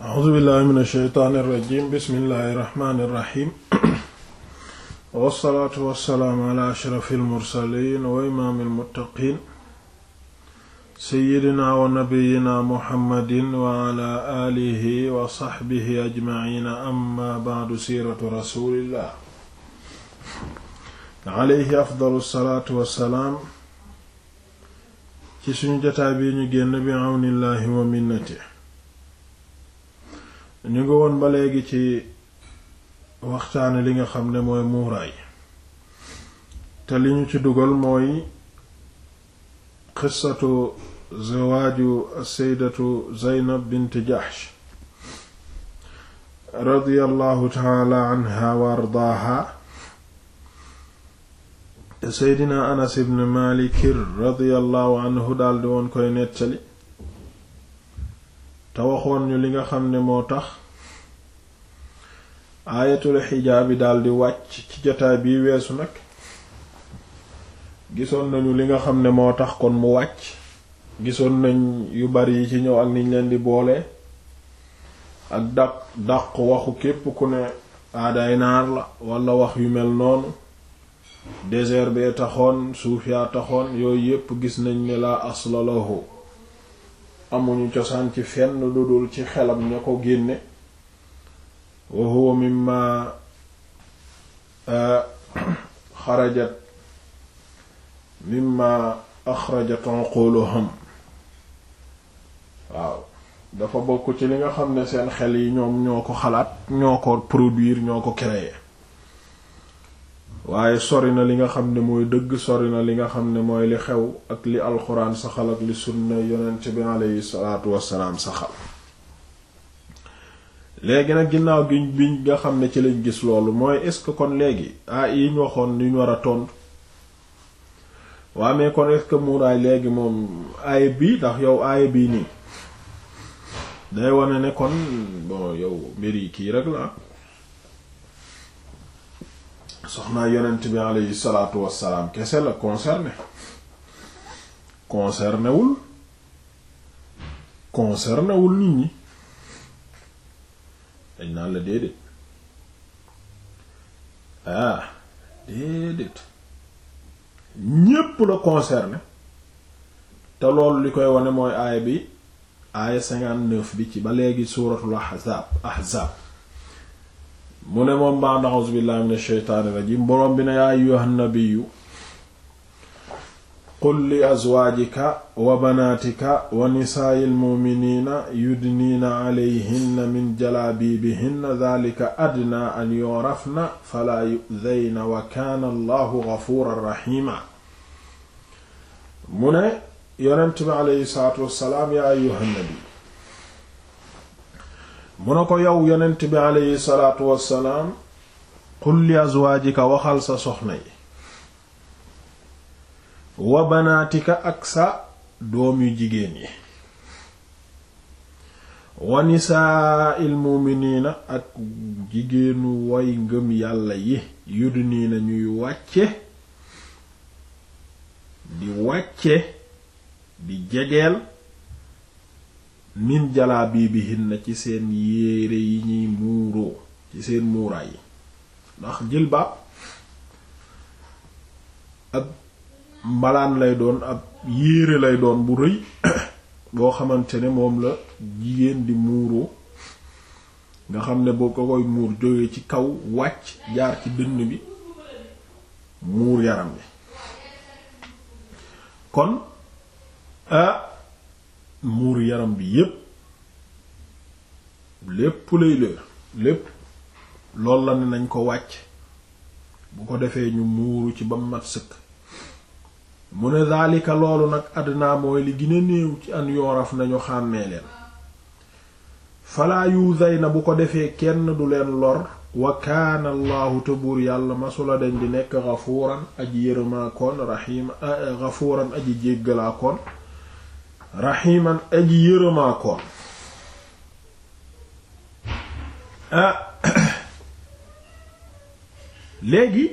a'uuzu billahi min asheytaani irrajim bismillahi irrahmani irrahim wassalaatu wassalaamu ala ashrafi almursalin wa imaami almuttaqin seyidina wa nabiyina muhammadin wa ala alihi wa saxbihi ajmaciina amma bacdu siiratu rasulillah alayhi afdalu salaatu wassalaam ci suñu jotaay bi ñu génn bi awnillahi wa minnati ñu ngi woon ba léegi ci waxtaane li nga xam ne mooy muuraay te li ñu ci dugal mooy qissatu zawaaju as-sayyidatu Zaynab bint Jahsh radiyallahu taala anha wa ardaaha te seydina Anas ibn Maalik radiyallahu anhu daldi woon koy nettali te waxoon ñu li nga xam ne moo tax aayatul xijaab bi daldi wàcc ci jotaay bi weesu nag gisoon nañu li nga xam ne moo tax kon mu wàcc gisoon nañ yu bari yi ci ñëw ak niñ leen di boole ak dàq dàq waxu képp ku ne aadaay naar la walla wax yu mel noonu désert bee taxoon suuf yaa taxoon yooyu yépp gis nañ ne laa asla lahu amuñu cosaan ci fenn lu dul ci xelam ña ko génne wa huwa mimma ah, xarajat mimma axrajat uquluhum waaw dafa bokk ci li nga xam ne seen xel yi ñoom ñoo ko xalaat ñoo ko produire ñoo ko créer waaye sori na li nga xam ne mooy dëgg sori na li nga xam ne mooy li xew ak li alxuraan saxal ak li sunna yonent bi aleyhi salaatu wassalaam saxal léegi nag ginnaaw gi bi nga xam ne ci lañ gis loolu mooy est-ce que kon léegi ah yi ñu waxoon ñu war a tontu waa mais kon est muuraay léegi moom aay bi ndax yow aay bii nii day wane ne kon bon yow mbir yi kii rek la soxnaa yonent bi aleyhi salaatu wassalaam kese la concerné concerné wul concerné wul nit ñi dañ naan la déedéet ah déedéet ñépp la concerné te loolu li koy wane mooy aaya bi aaya cinquante-neuf bi ci ba léegi suuratul ahzaab ahzaab mu ne moom baa na'uzu billahi min asheytaani rajim boroom bi ne yaa ayyuhan nabiyyu qul li azwaajika wa banaatika wa nisaa'il mu'miniina yudniina alayhinna min jalaabiibihinna dhaalika adnaa an yu'rafna falaa yu'dhayna wa kaana allahu ghafuuran rahiima mu ne yonent bi alayhi salaatu wassalaam yaa ayyuhan nabiyyu mu ne ko yow yonent bi aleyhi salaatu wassalaam qul li azwaajika waxal sa soxna yi wa ak sa doom yu jigéen yi wa nisaa il muuminiina ak jigéenu way ngëm yàlla yi yudniina ñuy wàcce di wàcce di jegeel min jalaabibihinna ci seen yéere yi ñuy muuroo ci seen muuraay yi ndax jilbaab ab mbalaan lay doon ab yéere lay doon bu rëy boo xamante ne moom la jigéen di muuroo nga xam ne boo ko koy muur jóge ci kaw wàcc jaar ci dënn bi muur yaram bi kon ah muur yaram bi yépp lépp lay leer lépp loolu la ne nañ ko wàcc bu ko defee ñu muuru ci bam mat sëkk mu ne daalika loolu nag àddina mooy li gën néew ci an yooraf nañu xàmmee leen falaa yuusay na bu ko defee kenn du leen lor wa kaana allahu te buur yàlla masula den di nekk gafuuran aji yërëmaa raxiima gafuuran eh, aji jéggalaa raximan aji yërëmaa koon ah, léegi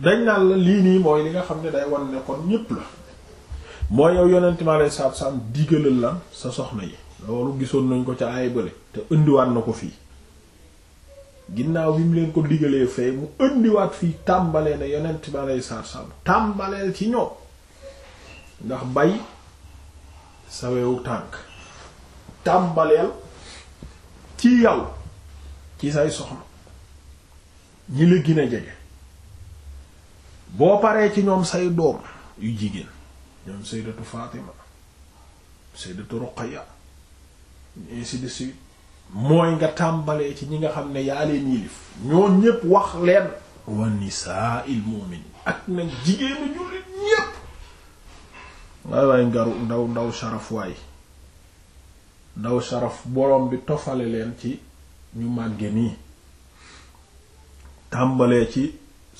dañ naan la lii nii mooy li nga xam ne day wan ne kon ñépp la mooy yow yonent mi alei saatu salaam digalal lan sa soxna yi loolu gisoon nañ ko ca aay bële te indiwaat na ko fii ginnaaw bi mu leen ko digalee fee mu indiwaat fii tàmbalee na yonent ba lay saar-sam tàmbaleel ci ñoom ndax bay sawewu tànk tàmbaleel ci yow ci say soxna ñi la gën a jege boo paree ci ñoom say doom yu jigéen ñoom sayyidatu Fatima sayyidatu Ruqayya ainsi de suite mooy nga tàmbalee ci ñi nga xam ne yaa leen yilif ñoo ñépp wax leen wa nisaa il mu'min ak nag jigéenu jullit ñépp waay waay ngaru ndaw ndaw sharaf waay ndaw sharaf borom bi tofale leen ci ñu màgge nii tàmbalee ci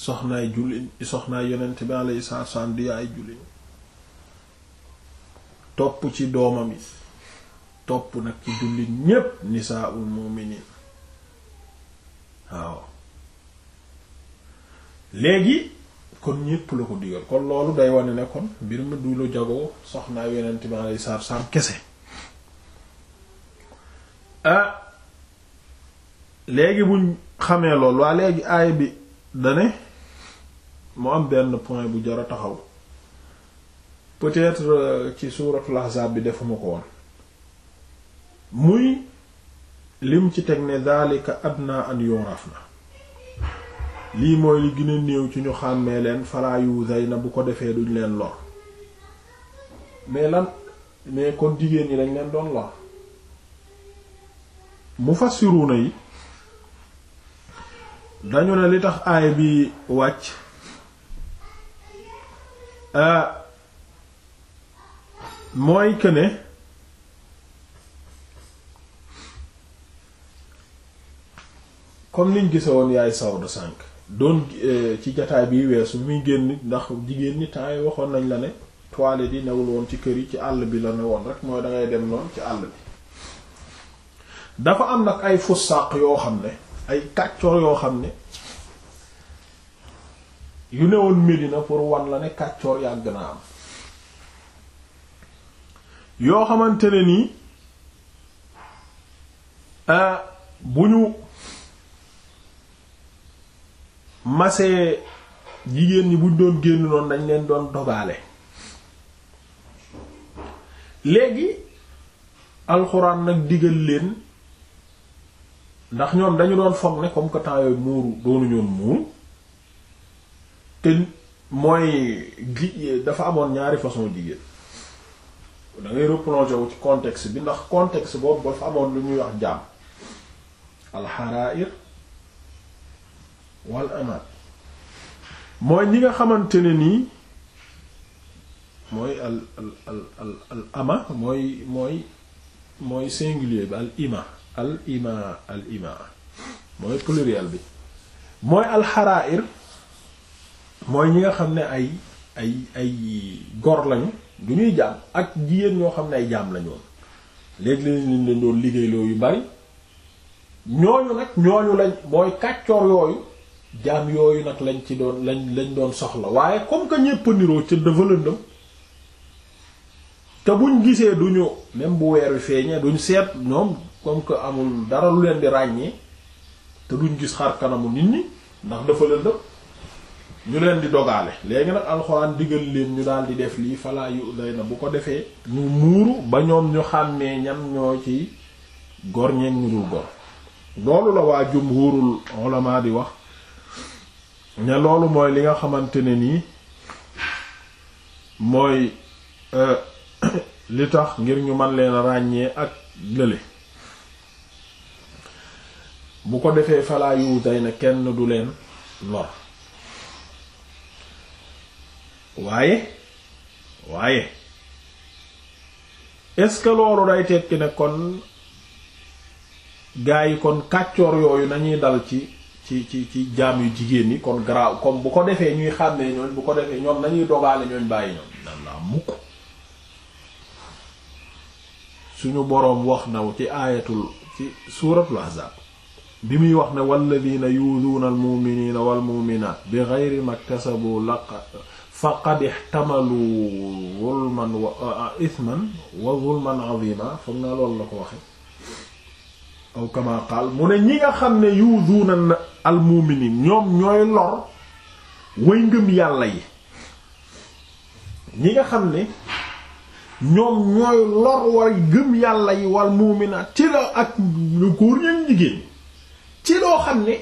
soxnaay jullit soxnaay yonent bi alayhi salaatu wa salaam di yaay jullit topp ci doomam yi topp nag ci jullit ñépp nisaa'ul mu'minin waaw léegi kon ñépp la ko digal kon loolu day wane nekkoon mbir mi du lu jagoo soxnaa yonent bi alayhi salaatu kese ah léegi buñ xamee loolu waa léegi aay bi dane mu am benn point bu jar a taxaw peut-être euh, ci suuratul Ahzaab bi defuma ko woon muy lim ci teg ne daalika adna an yuraf na lii mooy li gën néew ci ñu xàmmee leen falaayu zay na bu ko defee duñ leen lor mais lan mais ko jigéen ñi dañ leen doon lor mufassiruna yi dañu ne li tax aay bi wàcc ah, mooy que comme niñ gise woon yaay sawda sànq doon eh, ci jataay bi weesu muy génn ndax jigéen ñi temps yi waxoon nañ la ne toilette yi newul woon ci kër yi ci àll bi la ne woon rek mooy dangay dem noonu ci àll bi dafa am nag ay fussaq yoo xam ne ay kàccoor yoo xam ne yu newoon Médina pour wan la ne kàccoor yàgg na am yoo xamante ne nii eh, bu ñu masee jigéen ñi buñ doon génn noonu dañ leen doon dogaale léegi alxuraan nag diggal leen ndax ñoom dañu doon foog ne comme que temps yooyu muuru doonu ñoon muuru te mooy gi dafa amoon ñaari façon jigéen da ngay replonger wu ci contexte bi ndax contexte boobu dafa amoon lu ñuy wax jaam alxarair wal amaat mooy ñi nga xamante ne nii mooy al al al al ama mooy mooy mooy singulier bi al ima al ima al ima mooy pluriel bi mooy alxarair mooy ñi nga xam ne ay ay ay gor lañu du ñuy jaam ak jigéen ñoo xam ne ay jaam lañu woon léegi lañ leen doon liggéeyloo yu bari ñooñu nag ñooñu lañ mooy kàccoor yooyu jaam yooyu nag lañ ci doon lañ lañ doon soxla waaye comme que ñépp niroo ca dafa lëndëm te buñ gisee duñu même bu weer wi feeñee duñ seet ñoom comme que amul dara lu leen di ràññee te duñ gis xar kanamu nit ñi ndax dafa lëndëm ñu leen di dogaale léegi nag alxuraan digal leen ñu daal di def lii falaa yu na bu ko defee ñu muuru ba ñoom ñu xàmmee ñan ñoo ci gor ñeeg ñu dul gor loolu la waa jumhurul ulama di wax ne loolu mooy li nga xamante ne nii mooy euh, li tax ngir ñu man leen ràññee ak lële bu ko defee falaa yu na kenn du leen lor waaye waaye est-ce que loolu day tekki ne kon gaa yi kon kàccoor yooyu nañuy dal ci ci ci ci jaam yu jigéen ñi kon garaaw comme bu ko defee ñuy xàmmee ñooñ bu ko defee ñoom nañuy dogaale ñooñ bàyyi ñoom nan laa mukk suñu boroom wax naw ci aayatul ci suuratul ahzaab bi muy wax ne walladina yuuduuna almuminina walmuminaat bi geyri maktasabu laqa faqad ixtamalu zulman wa ithman wa zulman azima foog naa loolu la ko waxe aw kama mu ne ñi nga xam ne yuuzuuna almu'miniin ñoom ñooy lor way ngëm yàlla yi ñi nga xam ne ñoom ñooy lor way gëm yàlla yi wal mu'minaat ci la ak ñu góor ñeen jigéen ci loo xam ne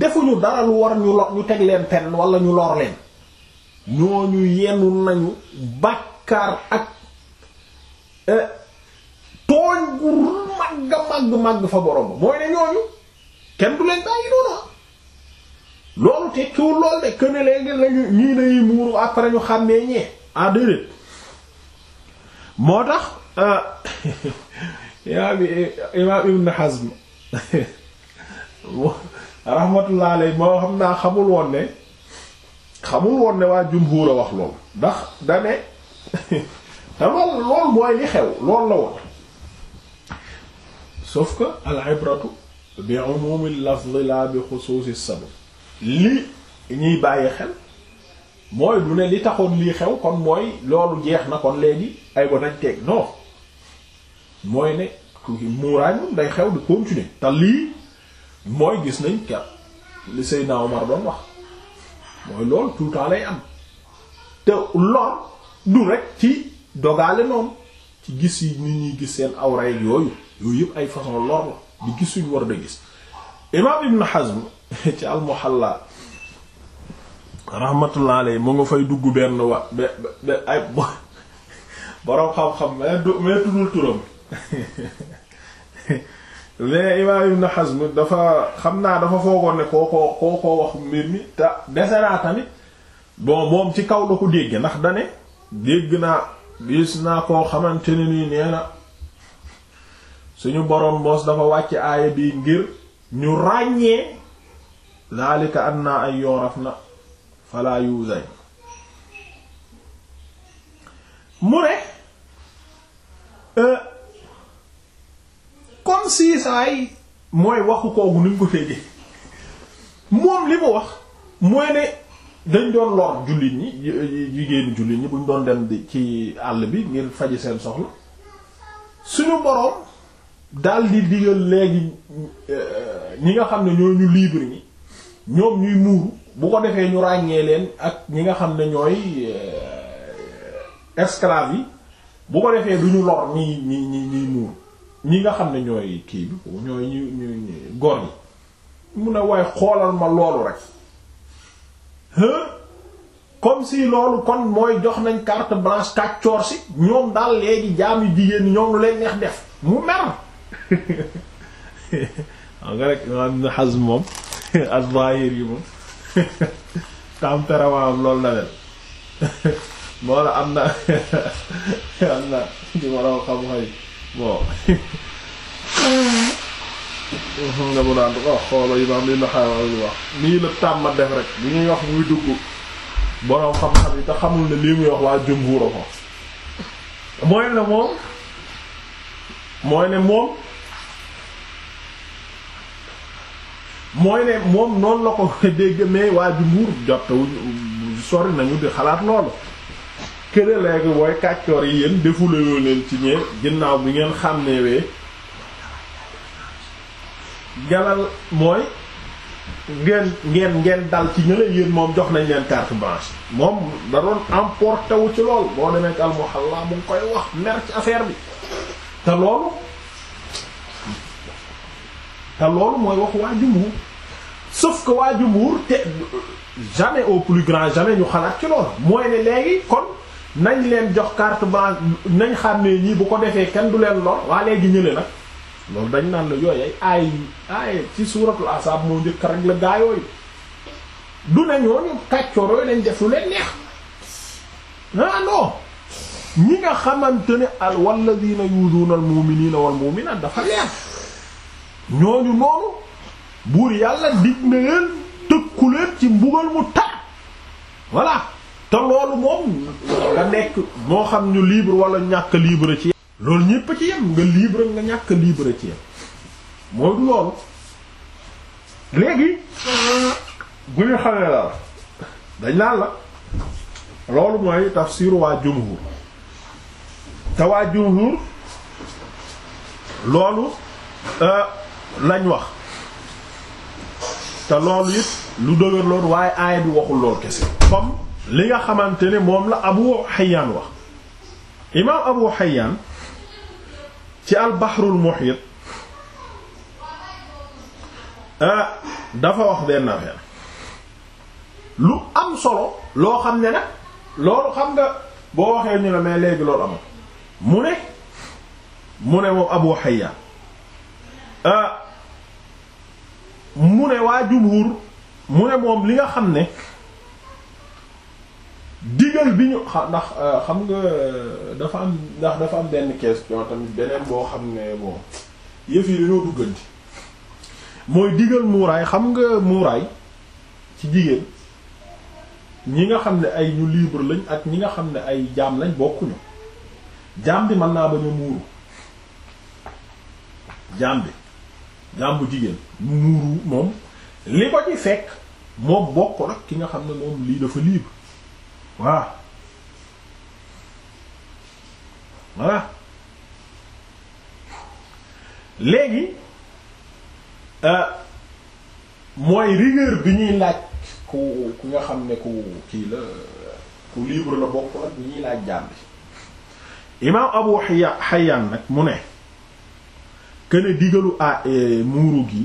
defuñu dara lu war ñu lor ñu teg leen pen wala ñu lor leen ñooñu yenu nañu bàkkaar ak eh, tooñ gu màgg màgg màgg fa borom mooy ne ñooñu kenn du leen bàyyi noonu loolu te cuur lool de këne léegi lañu ñii nañuy muuru après ñu xàmmee ñee ah moo tax euh, imaam imaam na Hazm rahmatullah moo xam naa xamul woon ne xamul woon ne waa jumhuur a wax lool ndax dane te lool lool mooy li xew lool la woon sauf que al ibratu bi umumil lafz la bi xusuusi sabab li ñuy bàyyi xel mooy du ne li taxoon lii xew kon mooy loolu jeex na kon léegi ay ba nañ teg non mooy ne muuraay moom day xew di continuer te lii mooy gis nañ kat li Seydina Omar doon wax mooy loolu tout le temps lay am te lor du rek ci dogaale noonu ci gis yi nit ñuy gis seen awray yooyu yooyu yëpp ay façon lor la di gis suñu war da gis imam ibn Hazm ci al-Muhalla mu nga fay dugg benn wa be be ay boroom xam-xam mais du mais mais imaam ibn Hazm dafa xam naa dafa foogoon ne koo koo koo koo mbir mi te dese naa tamit bon moom ci kaw la ko dégg ndax dane dégg naa gis naa koo xamante ne nii nee na suñu boroom boos dafa wàcc aaya bi ngir ñu ràññee daalika anna ay yooraf na fala yuzay mu ne euh, comme si saay mooy waxu koogu nuñ ko féegee moom li mu wax mooy ne dañ doon lor jullit ñi jigéenu jullit ñi buñ doon dem di ci àll bi ngir faji seen soxla suñu boroom dal di digal léegi euh, ñi nga xam ne ñoo ñu libre ñi ñoom ñuy muuru bu ko defee ñu ràññee leen ak ñi nga xam ne ñooy euh, esclave yi bu ko defee du ñu lor ñi ñi ñi ñiy muuru ñi nga xam ne ñooy kii bi ñooy ñu ñu góor yi mu ne waaye xoolal ma loolu rek comme si loolu kon mooy jox nañ carte blanche kàccoor si ñoom daal léegi jaami jigéen ñoom lu leen neex def mu mer xam nga rek imaam Ibn Hazm moom al-Zahiri yi moom tempérament loolu la mel moo la am na am na di waroo xam xëy bon nga mu naan ko xoola imaam Ibn Hazm wax nii la tàmma def rek bu ñuy wax muy dugg boroom xam-xam yi te xamul ne muy wax waa jumhuur ko mooy ne moom mooy ne moom mooy ne moom noonu la ko dégg mais waa jumbuur jottewu sori nañu di xalaat loolu këre léegi booy kàccoor yi yéen defuloo leen ci ñee ginnaaw bi ngeen xàmneewee galal mooy ngeen ngeen ngeen dal ci ñële yéen moom jox nañ leen carte blanche moom da doon emporté ci lool boo demee ak al Muhalla mu ngi koy wax mer ci affaire bi te loolu te loolu mooy wax waa jumhur sauf ko waa jumhur te jamais au plus grand jamais ñu xalaat ci loolu mooy ne léegi kon nañ leen jox carte blanche nañ xam ne ñii bu ko defee kenn du leen lor waa léegi ñële nag loolu dañ naan la yooy ay ay ay ci suuratul asaab moo njëkk rek la gaa yooyu du ne ñooñu kàccoor yooyu lañ def lu leen neex ah non ñi nga xamante ne al walladina yuduuna al mu'minina wal dafa leer ñooñu noonu buur yàlla dig na leen tëkku leen ci mbugal mu tar voilà te loolu moom nga nekk moo xam ñu libre wala ñàkk libre ci loolu ñépp ci yem nga libre nga ñàkk libre ci yem mooy loolu léegi bu ñu xamee la dañ naan la loolu mooy tafsiru waa jumhur te waa jumhur loolu euh, lañ wax te loolu it lu dëgër lool waaye aaya bi waxul lool kese comme li nga xamante ne moom la Abu Hayyan wax imaam Abu Hayyan ci al-Bahrul Muhit ah, dafa wax benn affaire lu am solo loo xam ne nag loolu xam nga boo waxee ñu la mais léegi loolu amul mu ne mu ne moom Abu Hayyan Euh, mu ne waa jumhur mu ne moom li nga xam ne digal bi ñu ndax euh, xam nga dafa am ndax dafa am benn question tamit beneen boo xam ne bon yëf yi dañoo mooy digal muuraay xam nga muuraay ci jigéen ñi nga xam ne ay ñu libre lañ ak ñi nga xam ne ay jaam lañ bokkuñu jaam bi mën naa bañ a muuru jaam bi jaam jigéen mu muuru moom li ko ci fekk moom bokk nag ki nga xam ne moom lii dafa libre waaw voilà léegi euh, mooy rigueur bi ñuy laaj ku ku nga xam ne ku kii la ku libre la bokk nag bi ñuy laaj jaam imaam Abu Hayyan nag mu ne këne digalu a muuru gi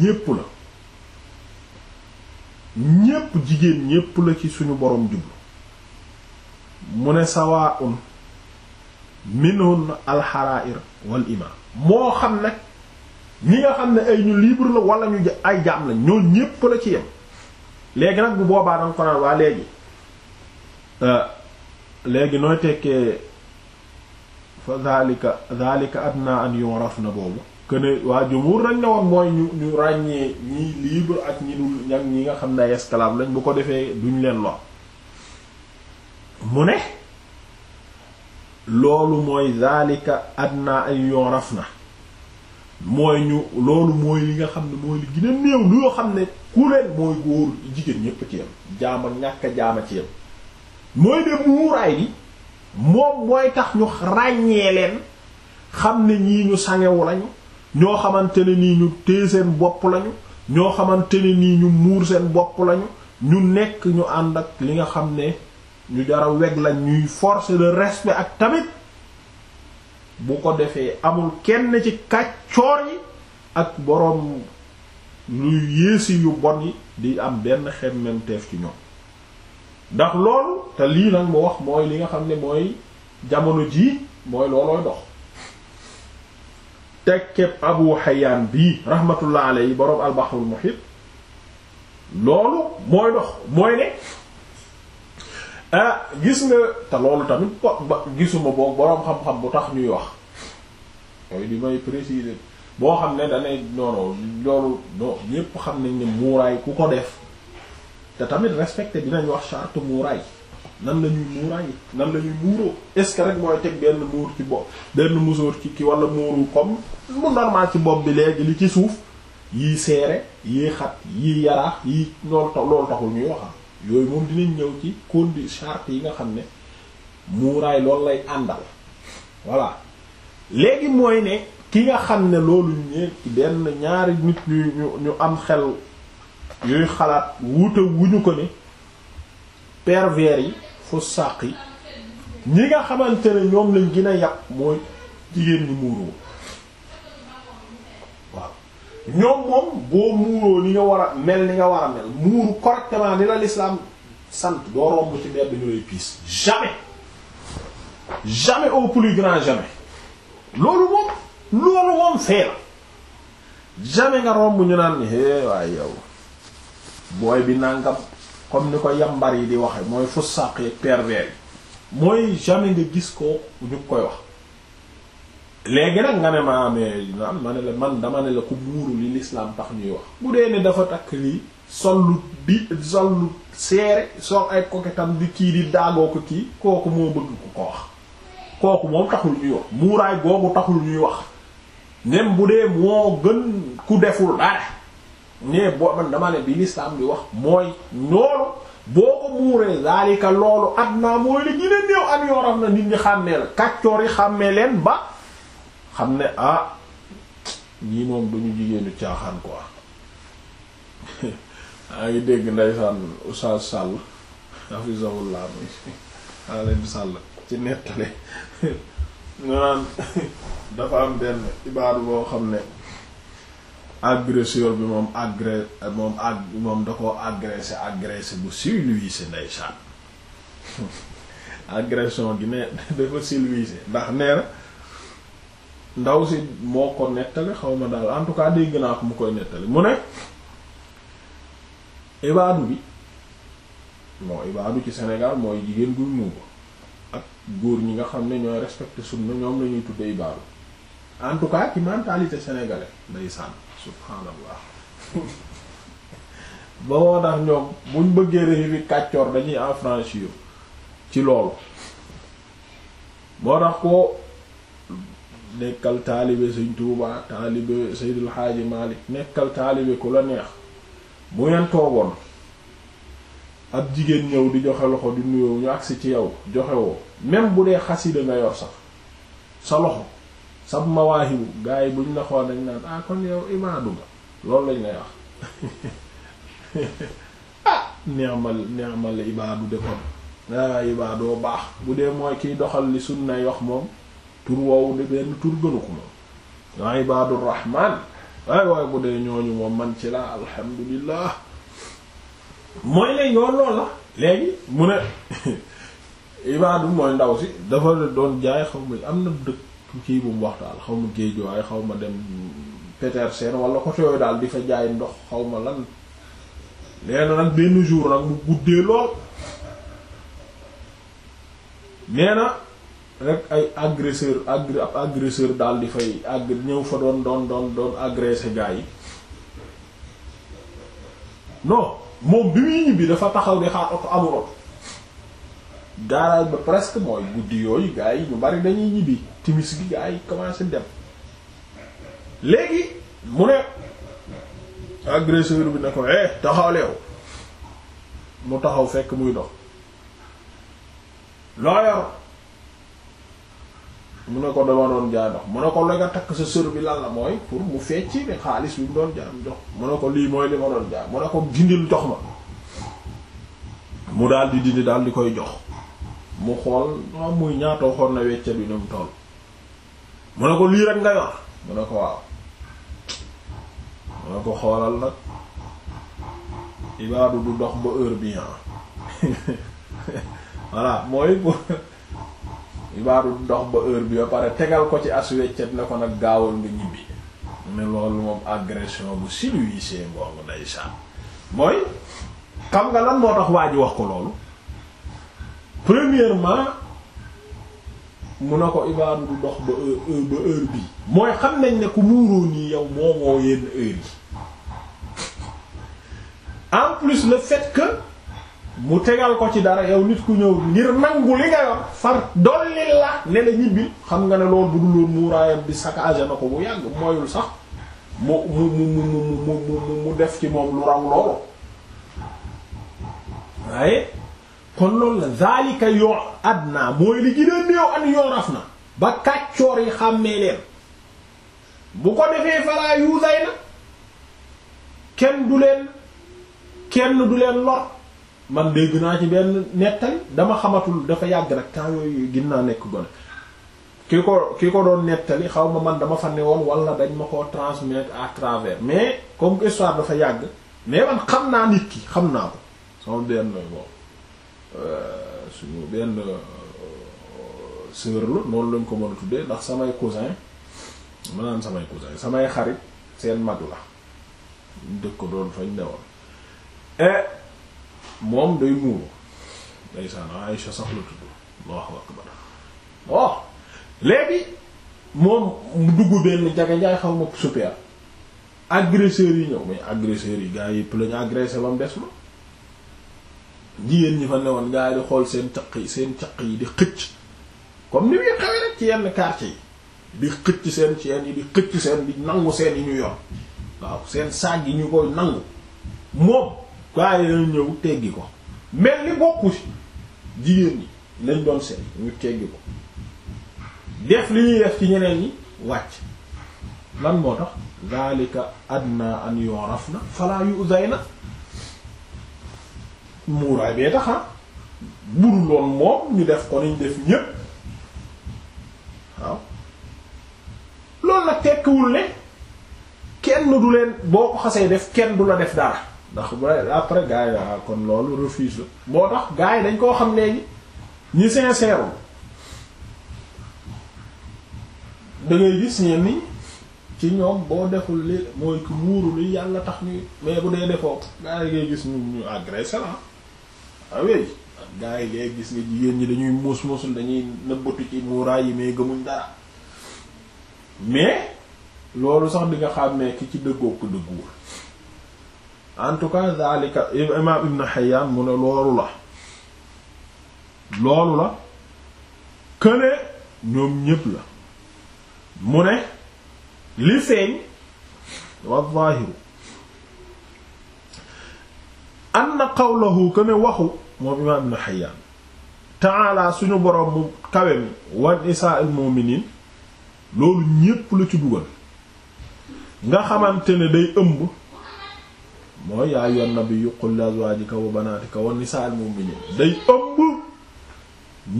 ñépp la ñépp jigéen ñépp la ci suñu boroom jublu mu ne sawaa un minhun alxarair wal imaam moo xam nag ñi nga xam ne ay ñu libre la wala ñu ay jaam la ñoo ñépp la ci yem léegi nag bu boobaa danga ko naan waa léegi euh, léegi nooy tekkee fa zalika zalika adna an yurafna boobu kuene waa jumhur dañ ne woon mooy ñu ñu ràññee ñi libre ak ñi dul ñag ñi nga xam ne ay esclave lañ bu ko defee duñ leen lo mu ne loolu mooy zalika adna an yurafna mooy ñu loolu mooy li nga xam ne mooy li gën néew lu yoo xam ne ku leen mooy góor jigéen ñépp ci yam jaam ak ñàkk jaama ci yam mooy de muuraay bi moom mooy tax ñu ràññee leen xam ne ñii ñu sangewu lañu ñoo xamante ne nii ñu téye seen bopp lañu ñoo xamante ne nii ñu muur seen bopp lañu ñu nekk ñu ànd ak li nga xam ne ñu jara weg lañ ñuy forcer le respect ak tamit bu ko defee amul kenn ci kàccoor yi ak boroom luy yéesi yu bon yi di am benn xemmemteef ci ñoom ndax loolu te lii nag mu wax mooy li nga xam ne mooy jamono jii mooy loolooy dox tekkeb Abu Hayyan bii rahmatullah alayhi boroom al-Bahrul loolu mooy dox mooy ne ah gis nga te loolu tamit ba gisuma boog boroom xam-xam bu tax ñuy wax mooy di may préciser boo xam ne danay non non loolu non xam nañ ne muuraay ku ko def te tamit respecté dinañ wax charte muuraay nan la ñuy muuraay nan la ñuy muuroo est-ce que rek mooy teg benn muur ci bopp benn musóor ci ki wala muuru comme mu normal ci bopp bi léegi li ci suuf yii seere yii xat yii yaraax yii loolu tax taxul ñuy waxam yooyu moom dinañ ñëw ci condi charte yi nga xam ne muuraay loolu lay àndal voilà léegi mooy ne ki nga xam ne loolu ñu nekk benn ñaari nit ñu ñu ñu am xel yooyu xalaat wuute wuñu ko ne pervers yi sàq yi ñi nga xamante ne ñoom lañ gina yàq yàpp mooy jigéen ñi muuroo waaw ñoom moom boo muuroo ni nga war a mel ni nga war a mel muuru correctement ni la l'islam sant doo romb ci mbedd ñu lay piis jamais jamais au plus grand jamais loolu moom loolu moom fee la jamais nga romb ñu naan ni hé waaye yow booy bi nangam comme ni ko yambar yi di waxe mooy fussaq ak pervers yi mooy jamais nga gis ko ñu koy wax léegi nag nga ne ma amee ah, naan la man dama ne la ku muuru li l'islam tax ñuy wax bu dee ne dafa takk lii sollu di sollu seere sol ay koketam di kii di daagoo ko kii kooku moo bëgg ku ko wax kooku moom taxul ñuy wax muuraay googu taxul ñuy wax même bu dee moo gën ku deful dara ne boo man dama ne bi lislaam bi wax mooy loolu boo ko muuree zaalika loolu adnaa mooy li ñu ne néew am yoram na nit ñi xàmmee la yi xàmmee leen ba xam ne ah ñii moom duñu jigéenu caaxaan quoi maa ngi dégg ndeysaan Oustaz Sall hafizahullah aleen Sall ci nettale ñu dafa am benn ibaadu boo xam ne agresseur bi moom agré moom ag moom da ko agressé agressé bu silvissé ndeysaan agression gi ne dafa silvissé ndax neer ndaw si moo ko nettali xaw ma daal en tout cas dégg naa mu koy nettali mu ne ibaadu bi moo ibaadu ci Sénégal mooy jigéen guy muuba ak góor ñi nga xam ne ñooy respecté sunna ñoom la ñuy tudde ibaadu en tout cas ci mentalité sénégalaise ndeysaan subhaanallah ba moo tax ñoom buñ bëggee réew bi kàccoor dañuy affranchir ci loolu moo tax ko nekkal taalibe Sëñ Tuubaa taalibe Seydil Xaaji Maalik nekkal taalibe ku la neex bu ngeen toogoon ab jigéen ñëw di joxe loxo di nuyoo ñu agsi ci yow joxe woo bu dee xasida nga yor sax sa loxo sab mawaahibu gaa yi buñ la xool dañ naan ah kon yow ibaadu nga loolu lañ lay wax ah ni'mal ibaadu de kon ah ibaadoo baax bu dee mooy kiy doxal li sunnay wax moom tur woowu de benn tur gënu ko moom waa ah, ibaadu rahmaan waaye waaye bu dee ñooñu moom man ci laa alhamdulillah mooy ne yoon lool la léegi mu ne ibaadu mooy ndaw si dafa doon jaay xaw ma am na dëkk kii bu mu wax daal xaw ma géejuwaay xaw ma dem Petersen wala côté daal di fa jaay ndox xaw ma lan nee na nag benn jour nag mu guddee lool nee na rek ay agresseur agri ab agresseur daal di fay agg ñëw fa doon doon doon doon agressé gaa yi non moom bi muy ñibbi dafa taxaw di xaar oto amul oto garage ba presque mooy guddi yooyu gars yi ñu bari dañuy ñibbi timis gi gars yi commencé dem léegi mu ne agresseur bi ne ko eh taxaw mu taxaw fekk muy dox loo yor mu ne ko dama doon jaay ndox mu ne ko la nga takk sa sër bi lan la mooy pour mu fecci ne xaalis bi mu doon jaay mu ne ko lii mooy li ma doon jaay mu ne ko dindil jox ma mu daal di dindi daal di koy jox mu xool moom muy ñaata waxoon na weccat bi nu mu toll mu ne ko lii rek nga yor mu ne ko waaw mu ne ko xoolal nag ibaadu du dox ba heure bi ah. voilà mooy bu ibaadu du dox ba heure bi ba pare tegal ko ci as weccat ne ko nag gaawul nga ñibbi ne loolu moom agression bu siluisee ngoongu nday saan mooy xam nga lan moo tax waa ji wax ko loolu premièrement mu na ko ibaadu du dox ba heure euh, ba heure bii mooy xam nañ ne ku muuroo nii yow moo moo yenn heure yi en plus le fait mu tegal ko ci dara yow nit ku ñëw ngir nangu li nga yor far dolli la ne la ñibbi xam nga ne loolu bu dul woon muuraayam bi saccagé na ko bu yàgg moyul sax mu mu mu mu mu mu mu def ci moom lu raw loolu waaye kon loolu la zalika yoo adna mooy li gën a néew an yooraf na ba kàccoor yi xàmmee leen bu ko defee falaa yuusay na kenn du leen kenn du leen lor man dégg naa ci benn nettali dama xamatul dafa yàgg rek temps yooyu gën naa nekk gone ki ko ki ko doon nettali xaw ma man dama fa newoon wala dañ ma ko transmettre à travers mais comme que dafa yàgg mais man xam naa nit ki xam naa ko sama benn Euh, suñu benn euh, sœur la noonu lañ ko mën a tuddee ndax samay cousin maanaam samay cousin samay xarit seen mag la ñu dëkk ko doon fañ newoon e moom day muuru ndeysaan Aïcha sax la tudd Allahu akbar oh léegi moom mu benn jaga njaay xaw ma super agresseurs yi ñëw mais agresseurs yi gaa yi yëpp lañu agressé ba mu des jigéen ñi fa woon gaa yi di xool seen caq yi seen caq yi di xëcc comme ni muy xawee rek ci yenn quartier yi di xëcc seen chaîne yi di xëcc seen di nangu seen yi ñu yor waaw seen saag yi ñu koy nangu moom gaa yi dañu ñëw teggi ko mel ni bokku si jigéen ñi lañ doon seen ñu teggi ko def li ñuy def ci ñeneen ñi wàcc lan moo tax daalika adna na yurafna fala yu'zayna muuraay bee tax ah budul woon moom ñu def ko niñ def ñëpp waaw loolu nag tekkiwul ne kenn du leen boo ko xasee def kenn du la def dara ndax bu après gars ah, kon loolu refuse la boo tax gars yi dañ koo xam léegi ñi sincère da ngay gis ñeen ni ci ñoom boo deful li mooy ku muuru li yàlla tax ñuy mais bu dee defoo gars yi gis ñu ñu agressé la awey ah gars yi léegi gis nga jigéen ñi dañuy muus muusul dañuy nëbbatu ci muuraay yi mais gëmuñ dara mais loolu sax di nga xam ki ci dëggoo ko dëgguwul en tout cas daalika imaam Ibn Hayyan mu ne loolu la loolu la këne ñoom ñépp la mu ne li feeñ wa zaahiru anna qawluhu këne waxu moom imaam ibn Hayyaan ta'ala suñu boroom mu kawe mi wan isaa'il mu'miniin loolu ñépp la ci dugal nga xamante ne day ëmb mooy yaa ayyuhan nabiyyu qul li azwaajika wa banaatika wa nisaa'il mu'miniin day ëmb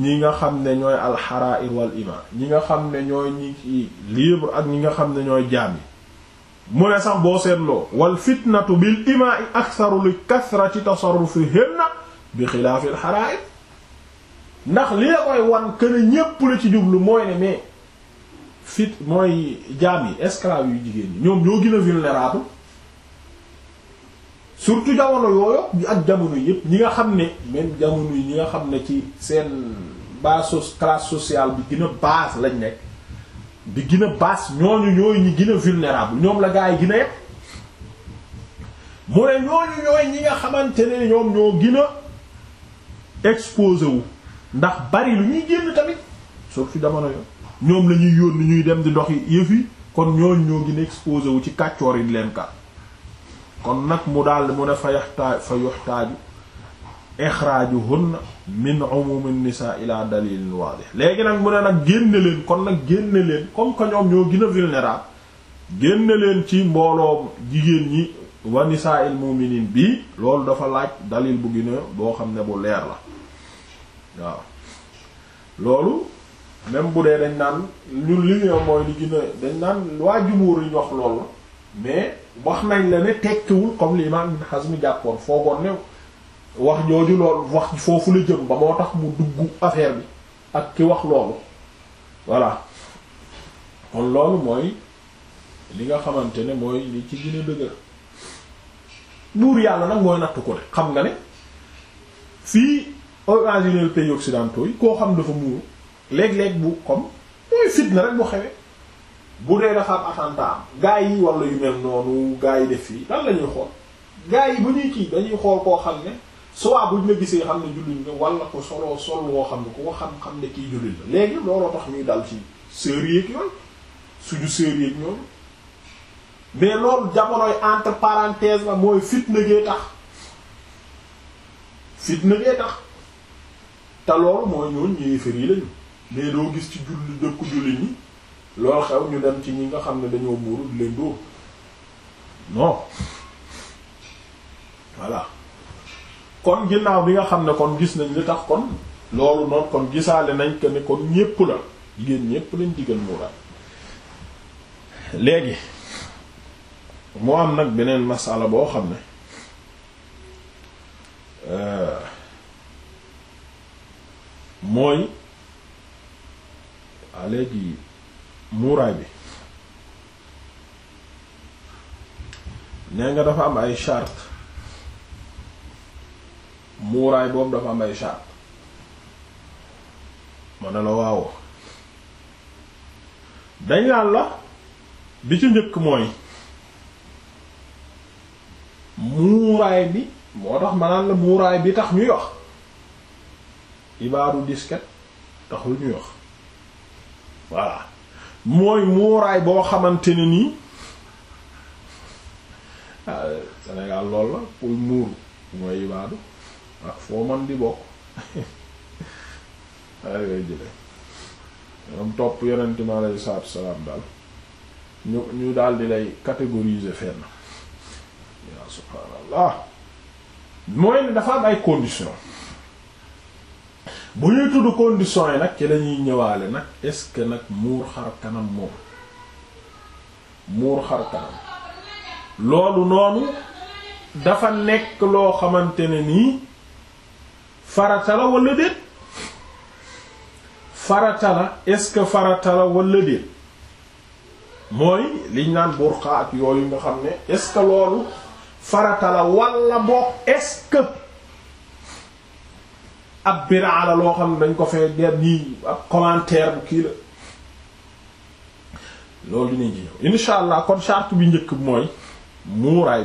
ñi nga xam ne ñooy alxaraa'ir wal imaa ñi nga xam ne ñooy ñi ci libre ak ñi nga xam ne ñooy jaam yi mu ne sax boo seetloo wal fitnatu bil imaa'i aktharu li kasrati tasarrufihinna bi xilaafil xaraa'ib ndax li la koy wan kër ñépp la ci jublu mooy ne mais fit mooy jaam yi esclave yu jigéen ñi ñoom ñoo gën a vulnérable surtout jamono yooyu ak jamono yëpp ñi nga xam ne même jamono yi ñi nga xam ne ci seen base classe sociale bi gën a lañ nekk bi gën a basse ñooñu ñooy ñi gën a ñoom la gaa yi gën yépp mu ne ñooñu ñooy ñi nga xamante ne ñoom ñoo gën exposé wu ndax bari lu ñuy génn tamit soog fi jamono yo ñoom lañuy ñuy yónni ñuy dem di doxi yëf yi kon ñooñ ñoo gën exposé wu ci kàccoor yi di leen kat kon nag mu daal mu ne fa yaxtaa fa yuxtaaju ixraajuhunna min umum an-nisaa ila dalilin waadih léegi nag mu ne nag génne leen kon nag génne leen comme que ñoom ñoo gën a vulnérable génne leen ci mbooloo jigéen ñi wa nisaa bii loolu dafa laaj dalil bu gën boo xam ne bu leer la waaw loolu même bu dee dañ naan ñun li ñu mooy li gën dañ naan waa jumóor yi ñu wax loolu mais wax nañ la ne tekkiwul comme li Imaam Ibn Hazm jàppoon foogoon ne wax jooju loolu wax foofu la jëm ba moo tax mu dugg affaire bi ak ki wax loolu voilà kon loolu mooy li nga xamante ne mooy li ci gën a dëgër buur yàlla nag mooy nattu ko de xam nga ne fii originaire pays occidentaux yi koo xam dafa muuru léeg-léeg bu comme mooy fitna rek bu xewe bu dee dafa am am gaa yi wala yu mel noonu gaa yi def fii lan la xool gaa yi bu ñuy kii dañuy xool koo xam ne soit buñ la gisee xam ne jullit nga wala ko soloo sol woo xam ne ku ko ne kii jullit la léegi looloo tax ñuy dal ci sœurs yeeg yooyu suñu sœurs yeeg ñoom mais loolu jamonoy entre parenthèses la mooy fitna gee tax fitna gee tax te loolu mooy ñoon ñu yéefar yi lañu mais doo gis ci julli dëkku julli ñi loolu xew ñu dem ci ñi nga xam ne dañoo muuru di leen dóor non voilà kon ginnaaw bi nga xam ne kon gis nañ li tax kon loolu noonu kon gisaale nañ que ne kon ñépp la jigéen ñépp lañ jigéen muuraay léegi moo am nag beneen masala boo xam ne euh, mooy waa léegi muuraay bi nee nga dafa am ay charte muuraay boobu dafa am ay charte ma ne la waawoo dañ naan la bi ci njëkk mooy muuraay bi moo tax ma naan la muuraay bi tax ñuy wax ibaaru disket taxul ñuy wax voilà mooy muuraay boo xamante ne nii ah, Sénégal lool la pour muuru mooy ibaadu ak foo man di bokk waaye yooyu jële ñoom topp yonent mi aleyhi salaatu salaam daal ñu ñu daal di lay catégoriser fenn yaa subhaanallah mooy ne dafa am ay conditions bu ñuy tudd conditions yi nag ci lañuy ñëwaale nag est-ce nag muur xar kanam muur xar loolu noonu dafa nekk loo xamante ne nii farata la walla déet farata la est-ce que farata la walla déet mooy liñ naan burqa ak yooyu nga xam ne est-ce que loolu farata walla boo est ab biraa loo xam ne dañ ko fee der ak ab commentaire bu kii la loolu dinañ ci ñëw insha allah kon charte bi njëkk mooy muuraay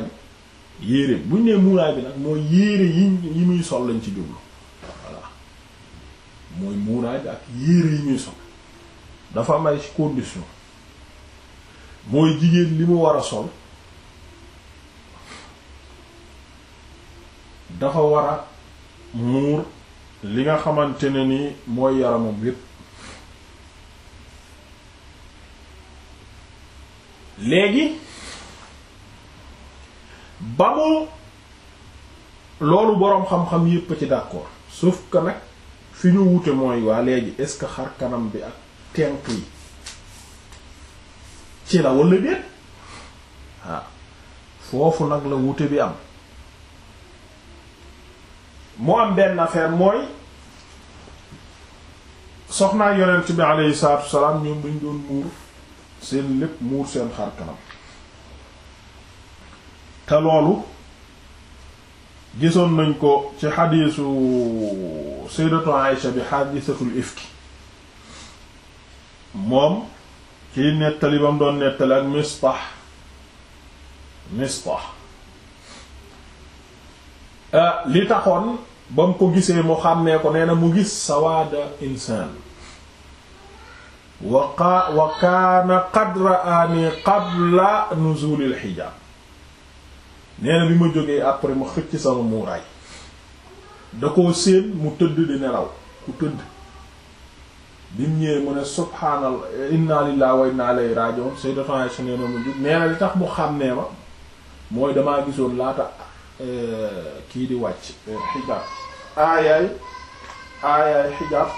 bi yére bi buñ nee muuraay bi nag mooy yére yi lañ ci jublu voilà mooy muuraay bi ak ñuy sol dafa am ay condition mooy jigéen li mu war a sol dafa war a muur li nga xamante ne ni mooy yaramam yépp léegi ba mu loolu boroom xam-xam yépp a ci d'accord sauf que nag fi ñu wuute mooy waa léegi est-ce que xar kanam bi ak tenq yi ci la walla déet ah, foofu nag la wuute bi am mu am benn affaire mooy soxnaa yonent bi aleyhi salaatu wasalaam ñoom dañ doon muur seen lépp muur seen xar kanam te loolu gisoon nañ ko ci xadiisu sayyidatu Aïsha bi xadiisatul ifki moom ci nettali ba mu doon nettali ak Mistah Mistah ah, li taxoon ba mu ko gisee mu xàmmee ko nee na mu gis sawaada insaan wa qa wa kaana qabla nuzulil xijaab nee bi ma jógee après mu xëcc sama muuraay da ko séen mu tëdd di nelaw ku tëdd bi mu ñëwee mu ne subhaanallah inna lillahi wa inna ilayhi raaji'uun sayyidatuna Aisha nee na mu jóg nee li tax mu xàmmee ma mooy damaa gisoon laata Eh, kii di wàcc xijaab eh, aayaay aayaay xijaab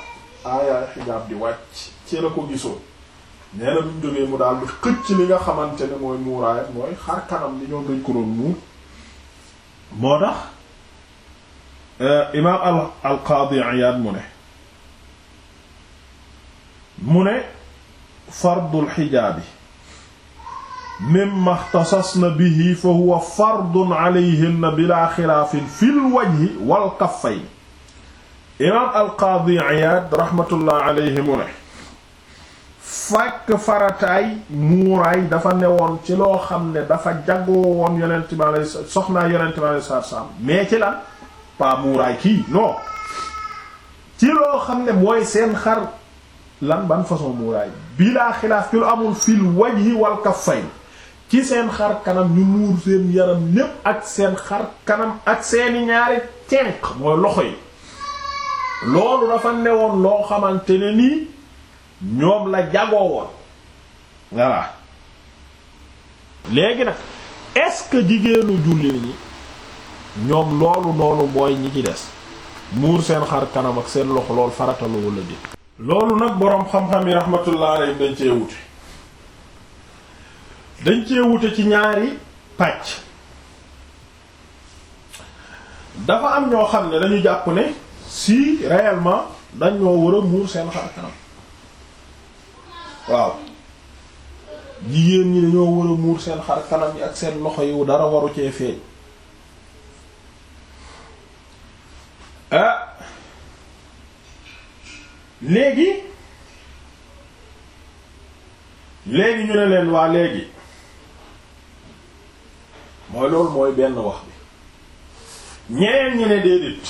aayaay xijaab di wàcc ci la ko gisoo nee na bi mu mu daal di xëcc li nga xamante ne mooy muuraay mooy xar kanam li ñoom dañ ko doon moo tax eh, imaam al al qaadi Iyaad mu ne mu ne xijaabi mimma ixtasasna bihi fa huwa fardun alayhinna bila xilaafin fil wajhi wal kaffayn imaam alqaadi Iyaad rahmatullah alayhi ne fàkk farataay muuraay dafa newoon ci loo xam ne dafa jagoo woon yonent bi alay soxnaa yonent bi alay salaam mais ci la pas muuraay kii non ci loo xam ne mooy seen xar lan ban façon muuraay bilaa xilaaf ci lu amul fil wajhi wal kaffayn ci seen xar kanam ñu muur seen yaram lépp ak seen xar kanam ak seeni ñaari tenq mooy loxo yi loolu dafa newoon loo xamante ne nii ñoom la jagoo woon voilà léegi nag est-ce que jigéenu julli ñi ñoom loolu noonu mooy ñi ci des muur seen xar kanam ak seen loxo lool farata la wala loolu nag boroom xam-xam yi rahmatullah alayhi dañ cee wuti dañ cee wute ci ñaari pàcc dafa am ñoo xam ne dañu jàpp ne si réellement dañoo war a muur seen xar waaw jigéen ñi dañoo war a muur seen xar kanam yi ak seen loxo yi dara waru cee feeñ ah léegi léegi ñu ne leen waa léegi mooy loolu mooy benn wax bi ñeneen ñi ne déedéet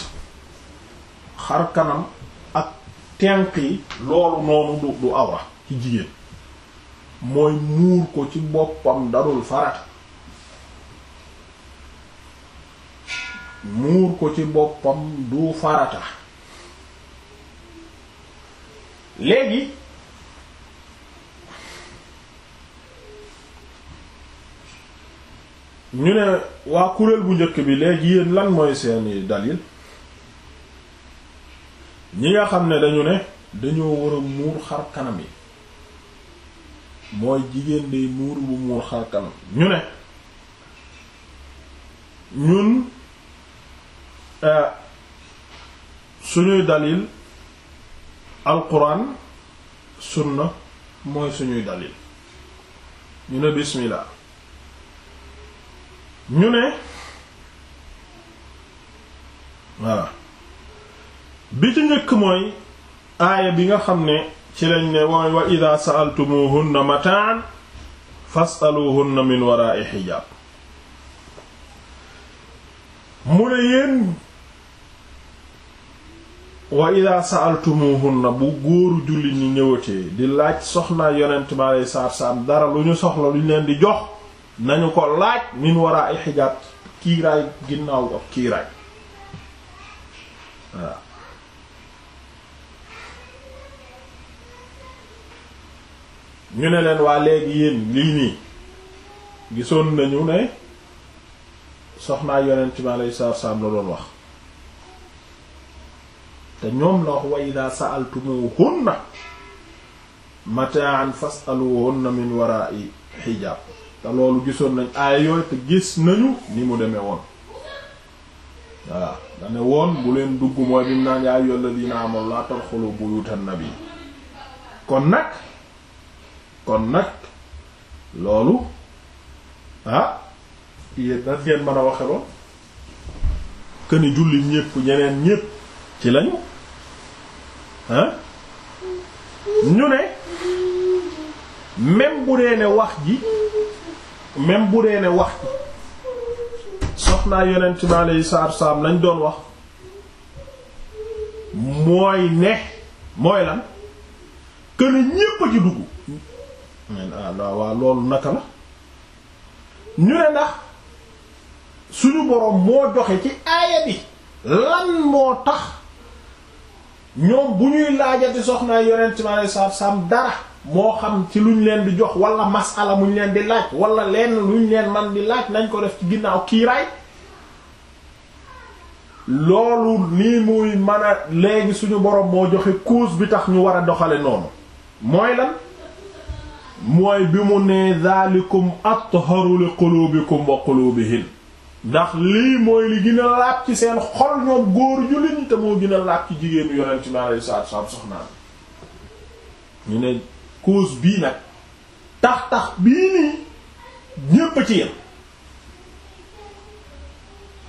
xar kanam ak tenq yi loolu noonu du du awra ci jigéen mooy muur ko ci boppam darul farata muur ko ci boppam du farata léegi ñu ne waa kuréel bu njëkk bi léegi yéen lan mooy seeni dalil ñi nga xam ne dañu ne dañoo war a muur xar kanam yi mooy jigéen day muur bu muur xar kanam ñu ne ñun euh, suñuy dalil alquran sunna mooy suñuy dalil ñu ne bismillah ñu ne waaw bi ci njëkk mooy aaya bi nga xam ne ci lañ ne wooy wa ida sa'altumuhunna mataan fas'aluhunna min wara'i hijab mu ne yéen wa ida sa'altumuhunna bu góoru julli ñi ñëwatee di laaj soxnaa yonent ma lay saar saam dara lu ñu soxla luñ leen di jox nañu ko laaj min waraa ay xijaab kiiraay ginnaaw ak kiiraay waaw ñu ne leen waa léegi yéen lii nii gisoon nañu ne soxnaa yonent bi alayhi salaatu salaam la doon wax te ñoom la wax wa idha sa'altumuhunna mata'an fas'aluhunna min wara'i hijab te loolu gisoon nañ aaya yooyu te gis nañu ni mu demee woon voilà dane woon bu leen dugg mooy bi mu naan yaa ayyuhal ladina amanu laa tadxulu buyutan nabi kon nag kon nag loolu ah yéen nan ngeen mën a waxe lool que ñépp ñeneen ñépp ci lañu ah ñu ne même bu dee ne wax ji même bu dee ne wax soxnaa yonent bi alayhi salaatu salaam lañ doon wax mooy ne mooy lan kën a ñépp a ci dugg men ah waa loolu naka la ñu ne ndax suñu boroom moo joxe ci aaya bi lan moo tax ñoom bu ñuy laajati soxnaa yonent bi alayhi salaatu salaam dara moo xam ci luñ leen di jox wala masala muñ leen di laaj wala leen luñ leen man di laaj nañ ko def ci ginnaaw kiiraay loolu nii muy mën a léegi suñu borom moo joxe cause bi tax ñu war a doxale noonu mooy lan mooy bi mu nee zalikum atharu li qulubikum wa qulubihin ndax lii mooy li gën a ci seen xol ñoom góor jullit ñi te moo gën a laab ci jigéenu yonent bi alayhi salaatu wa salaam soxnaan ñu ne cause bii nag tax tax bii nii ñépp ci yem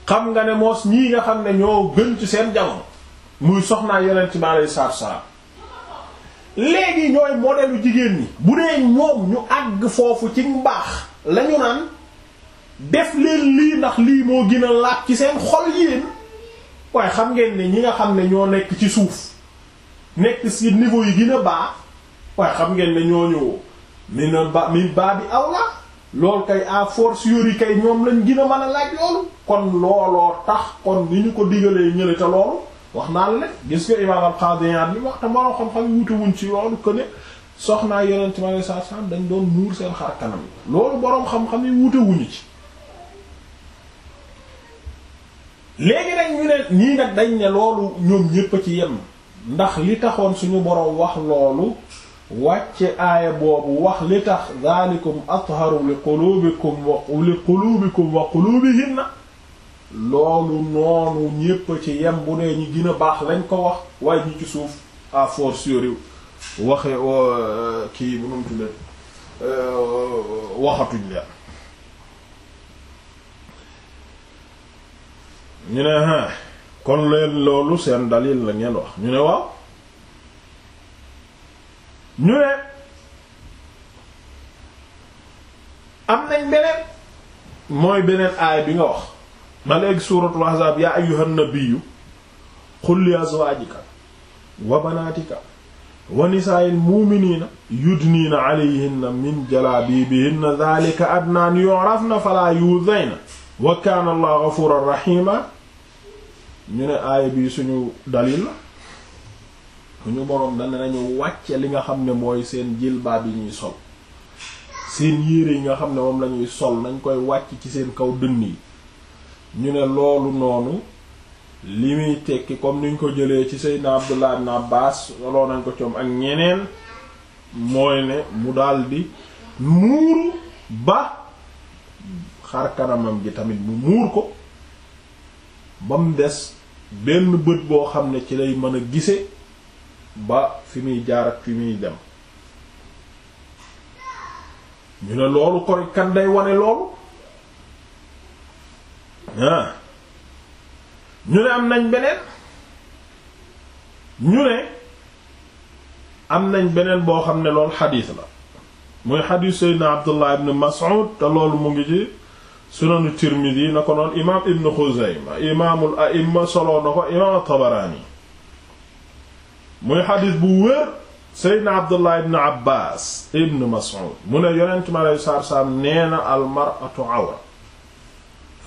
xam nga ne moos ñii nga xam ne ñoo gën ci seen jamono muy soxnaa yonent bi aleyhi salaatu salaam léegi ñooy modelu jigéen ñi bu dee ñoom ñu àgg foofu ci baax lañu naan def leen lii ndax lii moo gën a ci seen xol yéen waaye xam ngeen ne ñi nga xam ne ñoo nekk ci suuf nekk ci niveau yi gën baax waaye xam ngeen ne ñooñu min ba min baa bi aw la loolu kay à force yori kay ñoom lañ gën a mën a laaj loolu kon looloo tax kon ni ñu ko digalee ñële loolu wax naa la ne gis nga imaam al-Qadi Iyad wax te maro xam ci loolu que soxnaa yonent mi alayhi salaatu salaam dañ doon muur seen xar loolu boroom xam-xam yi wuute wuñu ci léegi nag ñu ne nii nag dañ ne loolu ñoom ñépp a ci yem ndax li taxoon suñu boroom wax loolu wàcce aaya boobu wax li tax daalikum atharu li qulubikum wa li qulubikum wa qulubihinna loolu noonu ñépp ci yem bu dee ñi gën a baax lañ ko wax waaye ñu ci suuf à force yoriw waxe euh, kii bu numtu leen waxatuñ leen ñu ne ha kon leen loolu seen dalil la ngeen wax ñu ne waaw ñu ne am nañ beneen mooy beneen aay bi nga wax ma léegi suuratul ahzaab yaa ayyuhan nabiyyu qul li wa banaatika wa nisaa'il mu'miniina yudniina alayhinna min jalaabiibihinna dhaalika adnaa an yu'rafna falaa yu'dhayna wa kaana Allaahu ghafuuran rahiimaa ñu ne aay bi suñu dalil la ñu boroom dana nañu wàcce li nga xam ne mooy seen jilbaab yi ñuy sol seen yére yi nga xam ne moom lañuy sol nañ koy wàcc ci seen kaw dënn yi ñu ne loolu noonu li muy tekki comme niñ ko jëlee ci Seydina Abdullah ibn baas soloo nañ ko coom ak ñeneen mooy ne mu daldi muuru ba xar kanamam gi tamit mu muur ko ba mu des benn bët boo xam ne ci lay mën a gise ba fi muy jaar ak fi muy dem ñu ne loolu kon kan day wane loolu ah ñu ne am nañ beneen ñu ne am nañ beneen boo xam ne loolu xadiis la muy xadiis seydna abdullah ibn mas'ud te loolu mu ngi ci sunanu tirmidi na ko noon imaam ibn xuzayma imaamul a'imma soloo na ko imaam at muy xadis bu wér seydna abdullah ibn abbas ibn mas'ud mu ne yonent mi aleyhi salaatu awra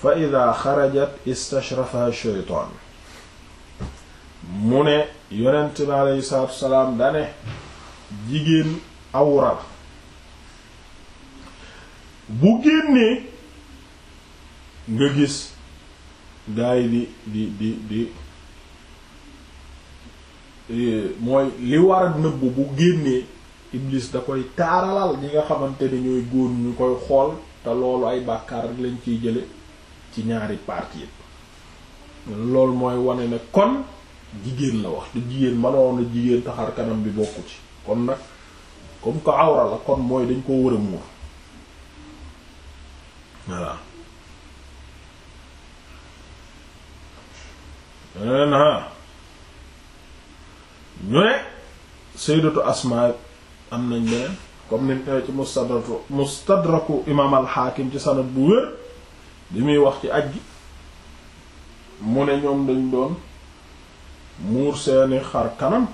fa ida xarajat istashrafaha sheytaan mu ne yonent mi dane jigéen awra bu génnee nga gis gaay di di di mooy li war a nëbbu bu génnee iblis da koy taaralal ñi nga xamante ne ñooy góor ñu koy xool te loolu ay bàkkaar rek lañ ciy jële ci ñaari parties loolu mooy wane ne kon jigéen la wax te jigéen manoon na jigéen taxar kanam bi bokku ci kon nag comme ko awra la kon mooy dañ koo war a muur voilà ñu ne sayyidatu Asmaa am nañ beneen comme ni ñëwee ci mustadraku mustadraku imaam hakim ci sanad bu wér bi muy wax ci aj gi mu ne ñoom dañ doon muur seeni xar kanam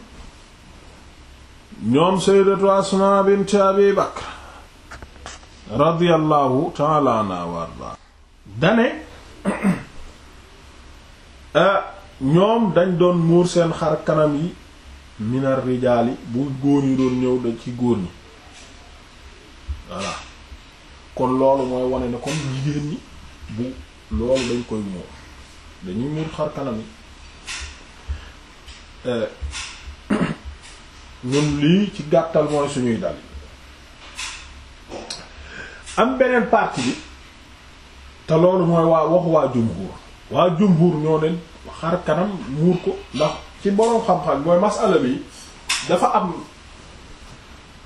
ñoom sayyidatu Asmaa bint Abi Bakr radiyallahu ta'ala wa arda dane eh, ñoom dañ doon muur seen xar kanam yi minar rijaali bu góor yi doon ñëw da ci góor ñi voilà kon loolu mooy wone ni comme jigéen ñi bu loolu dañ koy muur dañuy muur xar kanam yi eh, ñun lii ci gàttal mooy suñuy dal am beneen partie bi te loolu mooy waa waxu waa jumhur waa jumhur ñoo ne xar kanam muur ko ndax ci boroom xam-xam mooy masala bi dafa am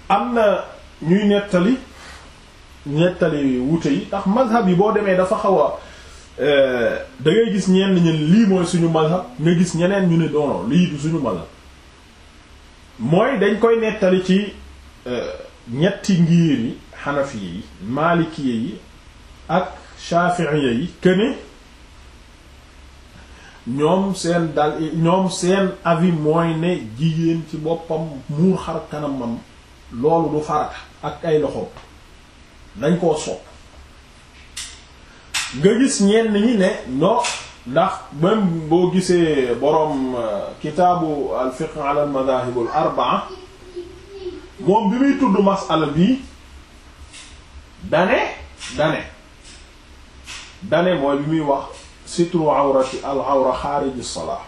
am na ñuy nettali nettali wute yi ndax mazhab yi boo demee dafa xaw a euh, da gis ñenn ñi lii mooy suñu mazhab nga gis ñeneen ñu ne doono lii du suñu mazhab mooy dañ koy nettali ci euh, ñetti ngiir yi xanafiye yi maalikiye yi ak shafi'iye yi këne ñoom seen dal ñoom seen avis mooy ne jigéen ci boppam muur xar kanamam loolu du farata ak ay loxo dañ koo sopp nga gis ñenn ñi ne ndox ndax même boo gisee boroom euh, kitaabu al fiqh ala al madahib arba'a moom bi muy tudd masala bi dane dane dane mooy bi muy wax sitru awrati al awra xaariji salaa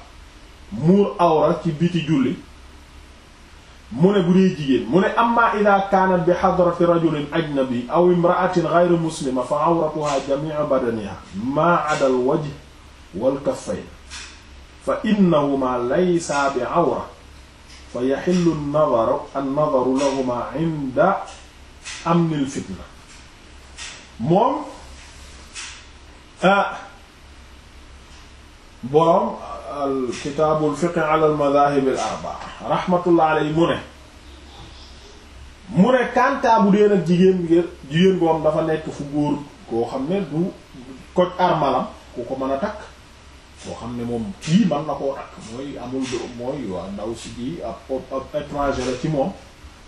muur awra ci biti julli mu ne bu dee jigéen mu ne amma ida kaanat bi xadrati rajulin ajnabi aw imraatin gayri muslima fa awratuha jamiicu badaniha maa ada al wajhi wal kaffayn fa innahuma laysa bi awra fa yaxillu nadaru annadaru lahuma inda amnil fitna moom ah boroom al kitaabul fiqhi ala al madahib al arbaa mu ne mu ne kantaa bu dee nag jigéen ngir jigéen boom dafa nekk fu góor koo xam ne du koj armalam ku ko mën a takk koo xam ne moom kii man na koo takk mooy amul do mooy waa ndaw si ji ab ab étranger la ci moom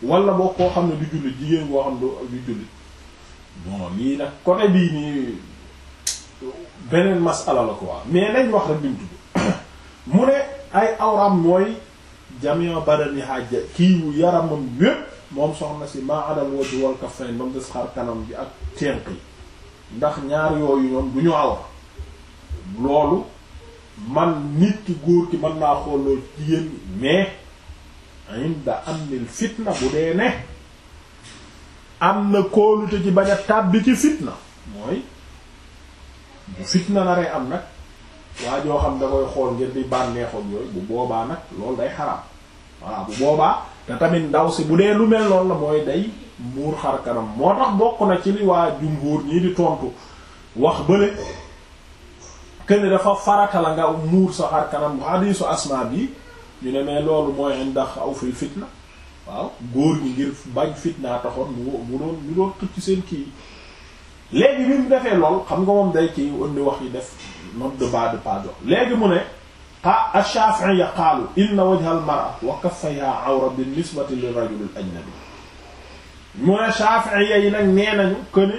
wala boo koo xam ne du jullit jigéen boo xam ne du jullit bon lii nag côté bii nii beneen masala la quoi mais nañ wax rek li mu tudd mu ne ay awram mooy jamiu badani hajja kiiwu yaramam yépp moom soxna si maa adal wajhu wal kaffayn ba mu des xar kanam bi ak tenq yi ndax ñaar yooyu ñoom bu ñu awra loolu man nit ki góor ki mën naa xooloo jigéen mais inda amnil fitna bu dee ne am na kóolute ci bañ a tàbbi ci fitna mooy bu fitna naree am nag waa joo xam da koy xool ngir di bànneexoog yooyu bu boobaa nag loolu day xaraam voilà bu boobaa te tamit ndaw si bu dee lu mel noonu la mooy day muur xar kanam moo tax bokk na ci li waa jumbuur ñii di tontu wax bële kenn dafa farata la nga muur sa xar kanam bu hadiisu asmaa bi ñu ne mais loolu mooy ndax aw fil fitna waaw góor ñi ngir bañ fitna taxoon mu mu doon mu doon tëj seen kii. léegi bi mu defee lool xam nga moom day ci indi wax yi def note de bas de page léegi mu ne a ash-Shafi'i qaalu inna wajha al-mar'a wa kaffayha awra bin-nisbati li-rajuli al mu ne Shafi'i yi nag nee nañu kuëne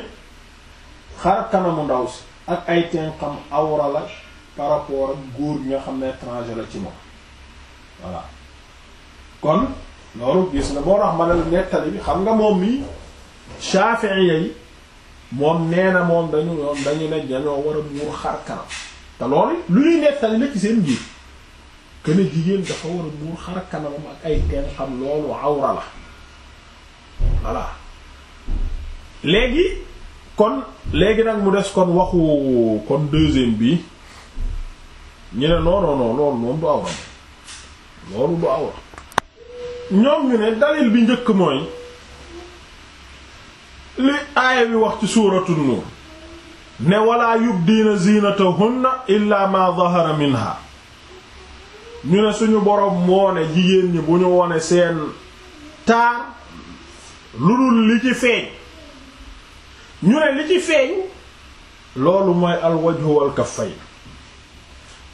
xar kanamu ndaw si ak ay tenxam awra la par rapport ak góor gi nga xam ne étranger la ci moom voilà kon loolu gis nga boo tax ma ne nettali bi xam nga moom mi Shafi'i yi moom nee na moom dañu ñoom dañu ne dañoo war a muur xar kanam te loolu lu ñuy nettali la ci seen biir kën a jigéen dafa war a muur xar kanamam ak ay teen xam loolu awra la voilà léegi kon léegi nag mu des kon waxu kon deuxième bi ñu ne non non non loolu moom du awra loolu du awra ñoom ñu ne dalil bi njëkk mooy li aaya bi wax ci suuratu nuur ne walaa yubdiina ziinatahunna illaa maa zahara minha ñu ne suñu boroom moo ne jigéen ñi bu ñu wone seen taar lu dul li ci feeñ ñu ne li ci feeñ loolu mooy alwajhu wal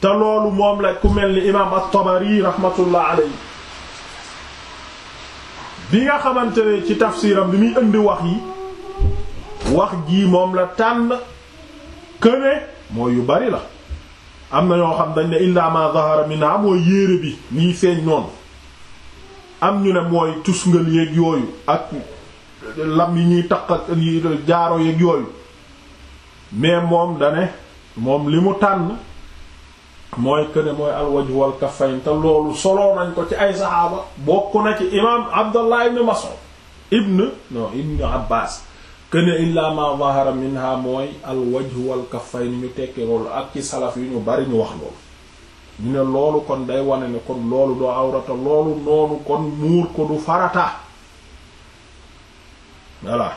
te loolu moom la ku mel ni imaam at-Tabari rahmatullah alayhi bi nga xamante ne ci tafsiram bi muy indi wax yi wax jii moom la tànn këne mooy yu bari la am na ñoo xam dañ ne illa ma zahara minha mooy yéere bi liy feeñ noonu am ñu ne mooy tusngal yeeg yooyu ak lam yi ñuy taq ak jaaro yeeg yooyu mais moom dane moom li mu tànn mooy këne mooy alwaj wal kaffayn te loolu soloo nañ ko ci ay saxaaba bokk na ci imaam Abdallah ibn Mas'ud ibn non ibn këne illaa ma zahara minha mooy al wajhu wal kaffayn ñu tekki loolu ak ci salaf yu ñu bari ñu wax loolu ñu ne loolu kon day wane ne kon loolu doo awrata loolu noonu kon muur ko du farata voilà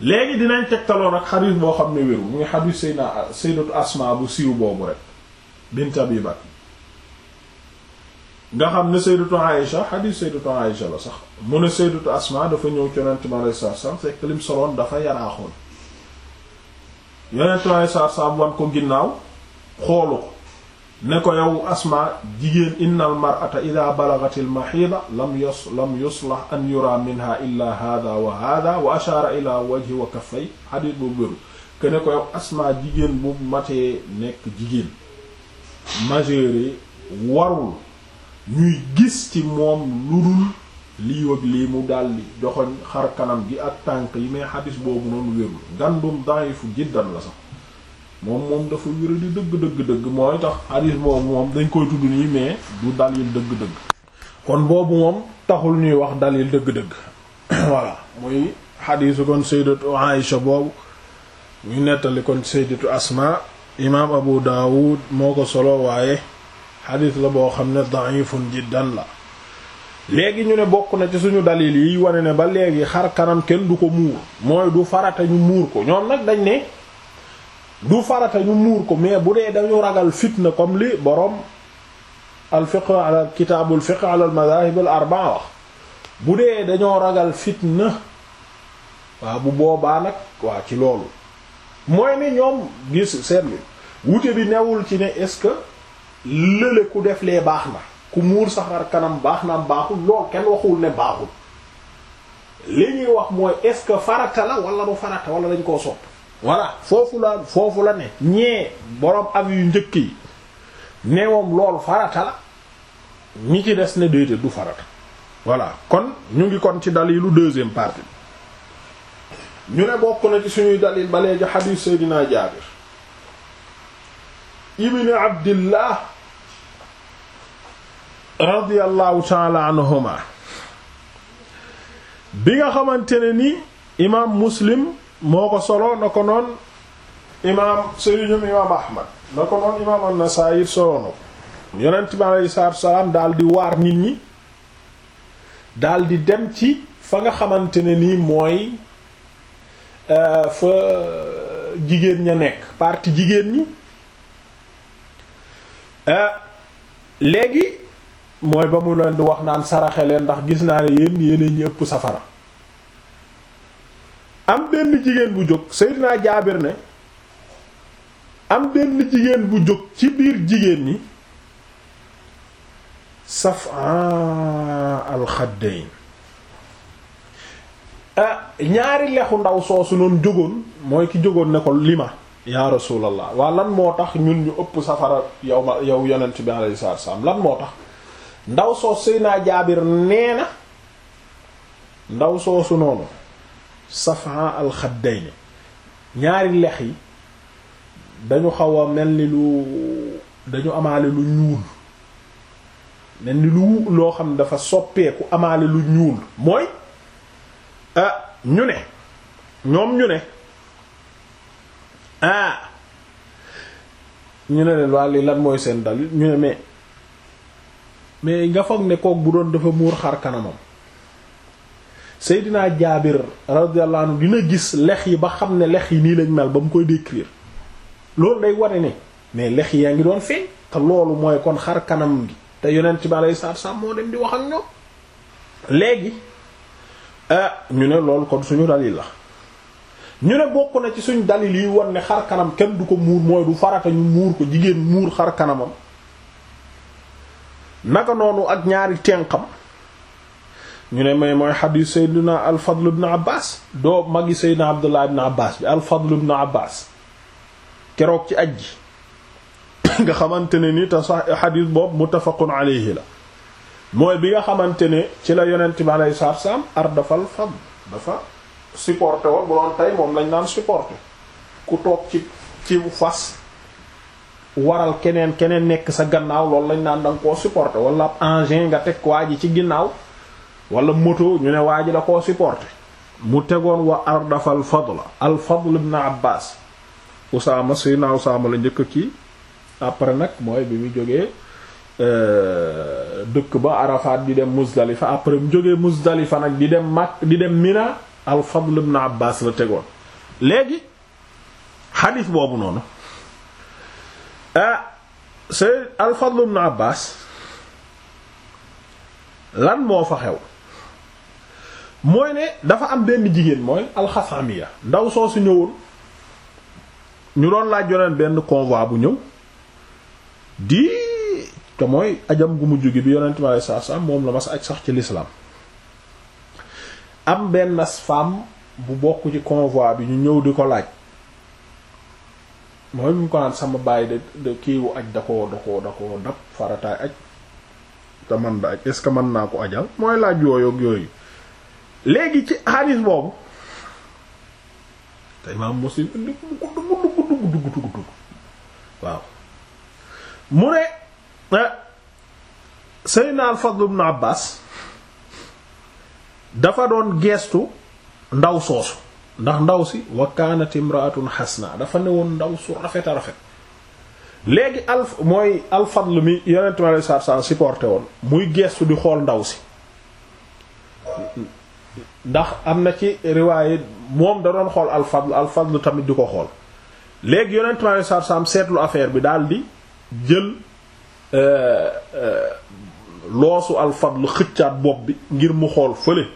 léegi dinañ tegtaloon ak xadiis boo xam ne wéru mu ngi xadiis sayna sayyidatu asma bu siiw boobu rek bint abi nga xam ne sayyidatu Aïsha xadiis sayyidatu Aïsha la sax mu ne sayyidatu Asma dafa ñëw ci yonent bi alayhi salaatu salaam lim soloon dafa yaraaxoon yonent bi alayhi salaatu wan ko ginnaaw xoolu ko ne ko yow Asma jigéen innal mar'ata idha balagatil mahida lam yus lam an yura minha illa hadha wa hadha wa ashara ila wajhi wa kaffay xadiis boobu wéru ke ko yow Asma jigéen bu matee nekk jigéen majeure warul ñuy gis ci moom lu dul lii wëg lii mu daldi joxoñ xar kanam gi ak tànk yi mais xadis boobu noonu wérul ngandum da'ifu jiddan la sax moom moom dafa wéra di dëgg dëgg dëgg mooy tax xadis boobu moom dañ koy tudd nii mais du dalil dëgg-dëgg kon boobu moom taxul ñuy wax dalil dëgg-dëgg voilà muy xadisu kon sayyidatu Aïsha boobu ñu nettali kon sayyidatu Asma imam Abu Dawud moo ko solo waaye xadis la boo xam ne da'ifun jiddan la léegi ñu ne bokk na ci suñu dalil yi wane ne ba léegi xar kanam kenn du ko muur mooy du farata ñu muur ko ñoom nag dañ ne du farata ñu muur ko mais bu dee dañu ragal fitna comme li boroom al fiqh ala kitaabul fiqh ala al madahib al arba'a wax bu dee dañoo ragal fitna waaw bu boobaa nag waa ci loolu mooy ne ñoom gis seetlu wute bi newul ci ne est-ce que lële ku def lee baax na ku muur saxar kanam baax na baaxul lool kenn waxul ne baaxul li ñuy wax mooy est-ce que farata la wala du farata wala dañ koo sopp voilà foofu la foofu la ne ñee borom am yu njëkk yi neewoom loolu farata la ñi ci des ne déedéet du farata voilà kon ñu ngi kon ci dalilu deuxième partie ñu ne bokk na ci suñuy dalil ba léegi xadiis Seydina Jaabir ibn Abdillah radiyallahu taala anhuma bi nga xamante ne ni imaam muslim moo ko solo na ko noon imaam sëriñum imaam ahmad na ko noon imaam an-Nasaa'i solo na ko yonent bi alayhi salaatu salaam daal di waar nit ñi daal di dem ci fa nga xamante ne nii mooy euh, fa jigéen ña nekk parti jigéen ñi euh, léegi mooy ba mu leen di wax naan saraxe leen ndax gis naa ne yéen yéeneen ñi ëpp safara am benn jigéen bu jóg Seydina Jaabir ne am benn jigéen bu jóg ci biir jigéen ñi saf safa alxaddayn ah, ñaari lexu ndaw soosu noonu jógoon mooy ki jógoon ne ko lima yaa rasulallah waa lan moo tax ñun ñu ëpp safara yow ma yow yonent bi alayhi salaam lan moo tax ndaw soos Seydina Jaabir nee na ndaw soosu noonu safaa alxaddayni ñaari lex yi dañu xaw a mel ni lu dañu amaale lu ñuul mel ni lu loo xam ne dafa soppeeku amaale lu ñuul mooy ah ñu ne ñoom ñu ne ah ñu ne leen wàll lan mooy seen dalil ñu ne mais mais nga foog ne kook bu doon dafa muur xar kanamam Seydina Jaabir radiyallahu anhu dina gis lex yi ba xam ne lex yi nii lañ mel ba mu koy décrire loolu day wane ne mais lex yaa ngi doon feeñ te loolu mooy kon xar kanam gi te yonent bi alayhi salaatu salaam moo dem di wax ak ñoom léegi ah, ñu ne loolu kon suñu dalil la ñu ne bokk na ci suñu dalil yi won ne xar kanam kenn du ko muur mooy du farata ñu muur ko jigéen muur xar kanamam naka noonu ak ñaari tenqam ñu ne may mooy xadiis sayduna alfadl ibn abbas doo magi sayduna abdullah ibn abbas bi alfadl ibn abbas keroog ci aj ji nga xamante ne ni te sax xadiis boobu muttafaqun la mooy bi nga xamante ne ci la yonent bi alayhi salaatu salaam ar dafal fadl dafa supporté woon bu doon tey moom lañ naan supporté ku toog ci ci fas waral keneen keneen nekk sa gannaaw loolu lañ naan da nga koo supporter wala engin nga teg waa ji ci ginnaaw wala moto ñu ne waa ji da koo supporter mu tegoon wa ardafa al fadla al fadl ibn abbas usaama sayna usaama la njëkk kii après nag mooy bi mu jógee euh, dëkk ba Arafat di dem Muzdalifa après mu jógee Muzdalifa nag di dem Mak di dem Mina al Fadl ibn Abbas la tegoon léegi xadiis boobu noonu ah sayyid al-Fadl ibn Abbas lan moo fa xew mooy ne dafa am benn jigéen mooy alxasamiya ndaw soo su ñëwul ñu doon laaj yoneen benn convoi bu ñëw di te mooy ajam gu mujj gi bi yonent mi alei satu salaam moom la mas aj sax ci l'islam am benn femme bu bokk ci convoi bi ñu ñëw di ko laaj mooy bi mu ko naan sama baay de de kiiwu aj da koo da koo dab farataay aj te aj est-ce mën naa ko ajal mooy laaj yooyu ak yooyu léegi ci hadis boobu te imaam Muslim indi mu gudd gudd gudd gudd gudd waaw mu ne eh, Seydina al-Fadl ibn dafa doon geestu ndaw soosu ndax ndaw si wa kanat imraatun naa dafa newoon ndaw su rafet a rafet léegi al mooy alfadl mi yonent mi alei woon muy gestu di xool ndaw si ndax am na ci riwaaye moom da doon xool alfadl alfadl tamit di ko xool léegi yonent mi alei seetlu affaire bi daal di jël euh, euh, loosu alfadl xëccaat bopp bi ngir mu xool fële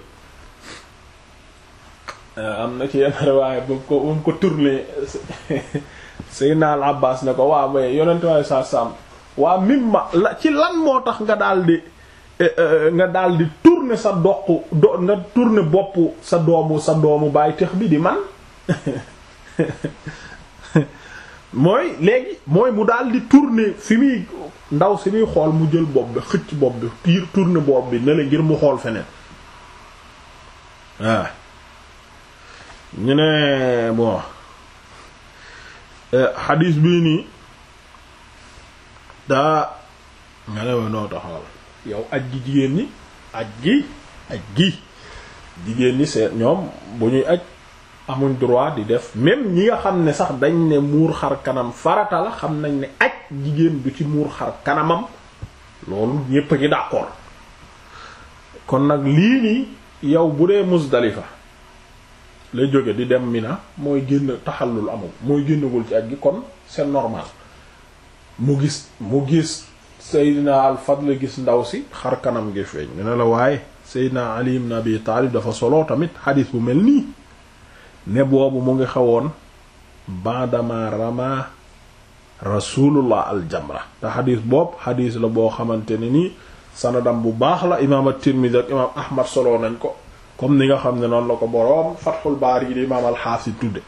Euh, am na ci yenn riwaaya bu ko bu ko tourné Seydina Al Abbas ne ko waa may yonent waaye saa saam waa mimma la ci lan moo tax nga daal di eh, eh, nga daal di tourné sa doq do nga tourné bopp sa doomu sa doomu baay tex bi di man mooy léegi mooy mu daal di tourné fi muy ndaw si muy xool mu jël bopp bi xëcc bopp bi piir tourné bopp bi ne la ngir mu xool feneen waaw ñu ne bon eh, xadiis bii nii daa nga ne ma noo taxawal yow aj gi jigéen ñi aj gi aj gi jigéen ñi seet ñoom bu ñuy aj amuñ droit di def même ñi nga xam ne sax dañ ne muur xar kanam farata xam nañ ne aj jigéen du ci muur xar kanamam loolu ñépp a ngi d'accord kon nag lii nii yow bu dee Muzdalifa la jóge di dem Mina mooy génn taxallul amul mooy génnagul ci ak gi kon seen normal mu gis mu gis Seydina al Fadl gis ndaw si xar kanam ngi feeñ ne la waaye Seydina Ali ibn Abi Taalib dafa solo tamit xadiis bu mel nii ne boobu mu ngi xawoon bandama rama rasulullah al jamra te xadiis boobu xadiis la boo xamante ne nii sanadam bu baax la imaam at-Tirmidhi ak imaam Ahmad solo nañ ko comme ni nga xam ne noonu la ko boroom Fathul Baari yi di imaam alxaafis tudde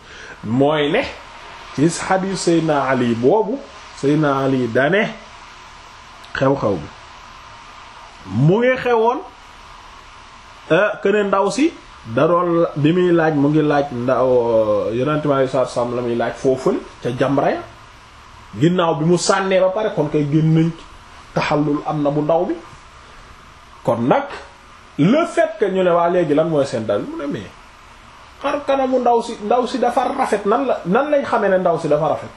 mooy ne ci xadiis Seydina Ali boobu Seydina Ali dane xew-xew bi mu ngi xewoon eh, këne ndaw si da doon bi muy laaj mu ngi laaj ndaw eh, yonente mi alei satu salaam la muy laaj fooful ca jamra ya ginnaaw bi mu sànnee ba pare kon kay génn nañ taxallul am na bu ndaw bi kon nag le fait ñu ne waa léegi lan mooy seen dal mu ne mais xar kanamu ndaw si ndaw si dafa rafet nan la nan lañ xamee ne ndaw si dafa rafet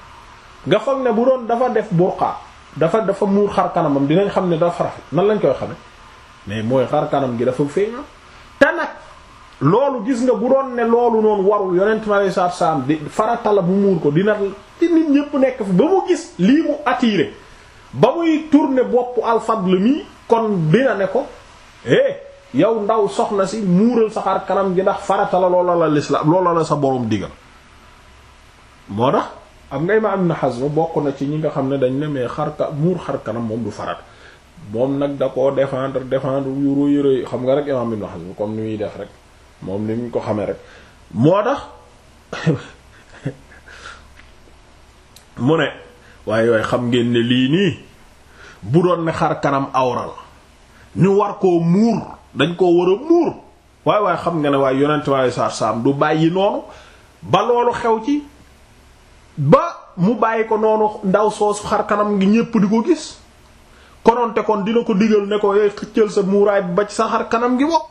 nga foog ne bu doon dafa def burqa dafa dafa muur xar kanamam dinañ xam ne dafa rafet nan lañ koy xame mais mooy xar kanam gi dafa feeña te nag loolu gis nga bu doon ne loolu noonu warul yonent mi alei saatu salaam di faratala bu muur ko dina ci nit ñëpp nekk fi ba mu gis lii mu attiré ba muy turne boppu alfadle mi kon dina ne ko eh, yow ndaw soxna si muural sa xar kanam gi ndax farata la loola la lislaam la sa boroom digal moo tax am ngay ma am na xas ba bokk na ci ñi nga xam ne dañ ne mais xar ka muur xar kanam moom du farat moom nag da koo défendre défendre yuró yuró xam nga rek imam ibn Hazm comme ni muy def rek moom li ñu xamee rek moo tax mu ne waaye waaye xam ngeen ne lii nii bu doon ne xar kanam awra la ñu war koo muur dañ koo war a muur waaye waaye xam nga ne waaye yonent waaye saar saam du bàyyi noonu ba loolu xew ci ba mu bàyyi ko noonu ndaw soosu xar kanam gi ñépp di ko gis kononte kon dina ko digal ne ko yooyu xëccal sa muuraay bi ba ci sa xar kanam gi wokk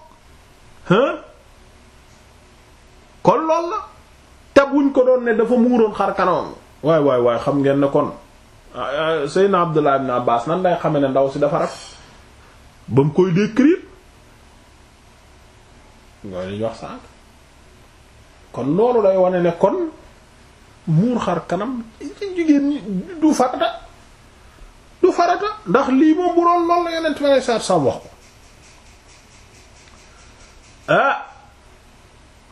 kon lool na te buñ ko doon ne dafa muuroon xar kanamam waaye waaye waay xam ngeen ne kon ah, ah, Seydina Abdullah ibn Abbas nan lay xame ne ndaw si dafa rab ba mu koy décrire loolu lañu wax sànq kon loolu lay wane ne kon muur xar kanam ci jigéen ñi du farata du farata ndax lii moom bu doon loolu la yeneen ma lay saat sam wax ko ah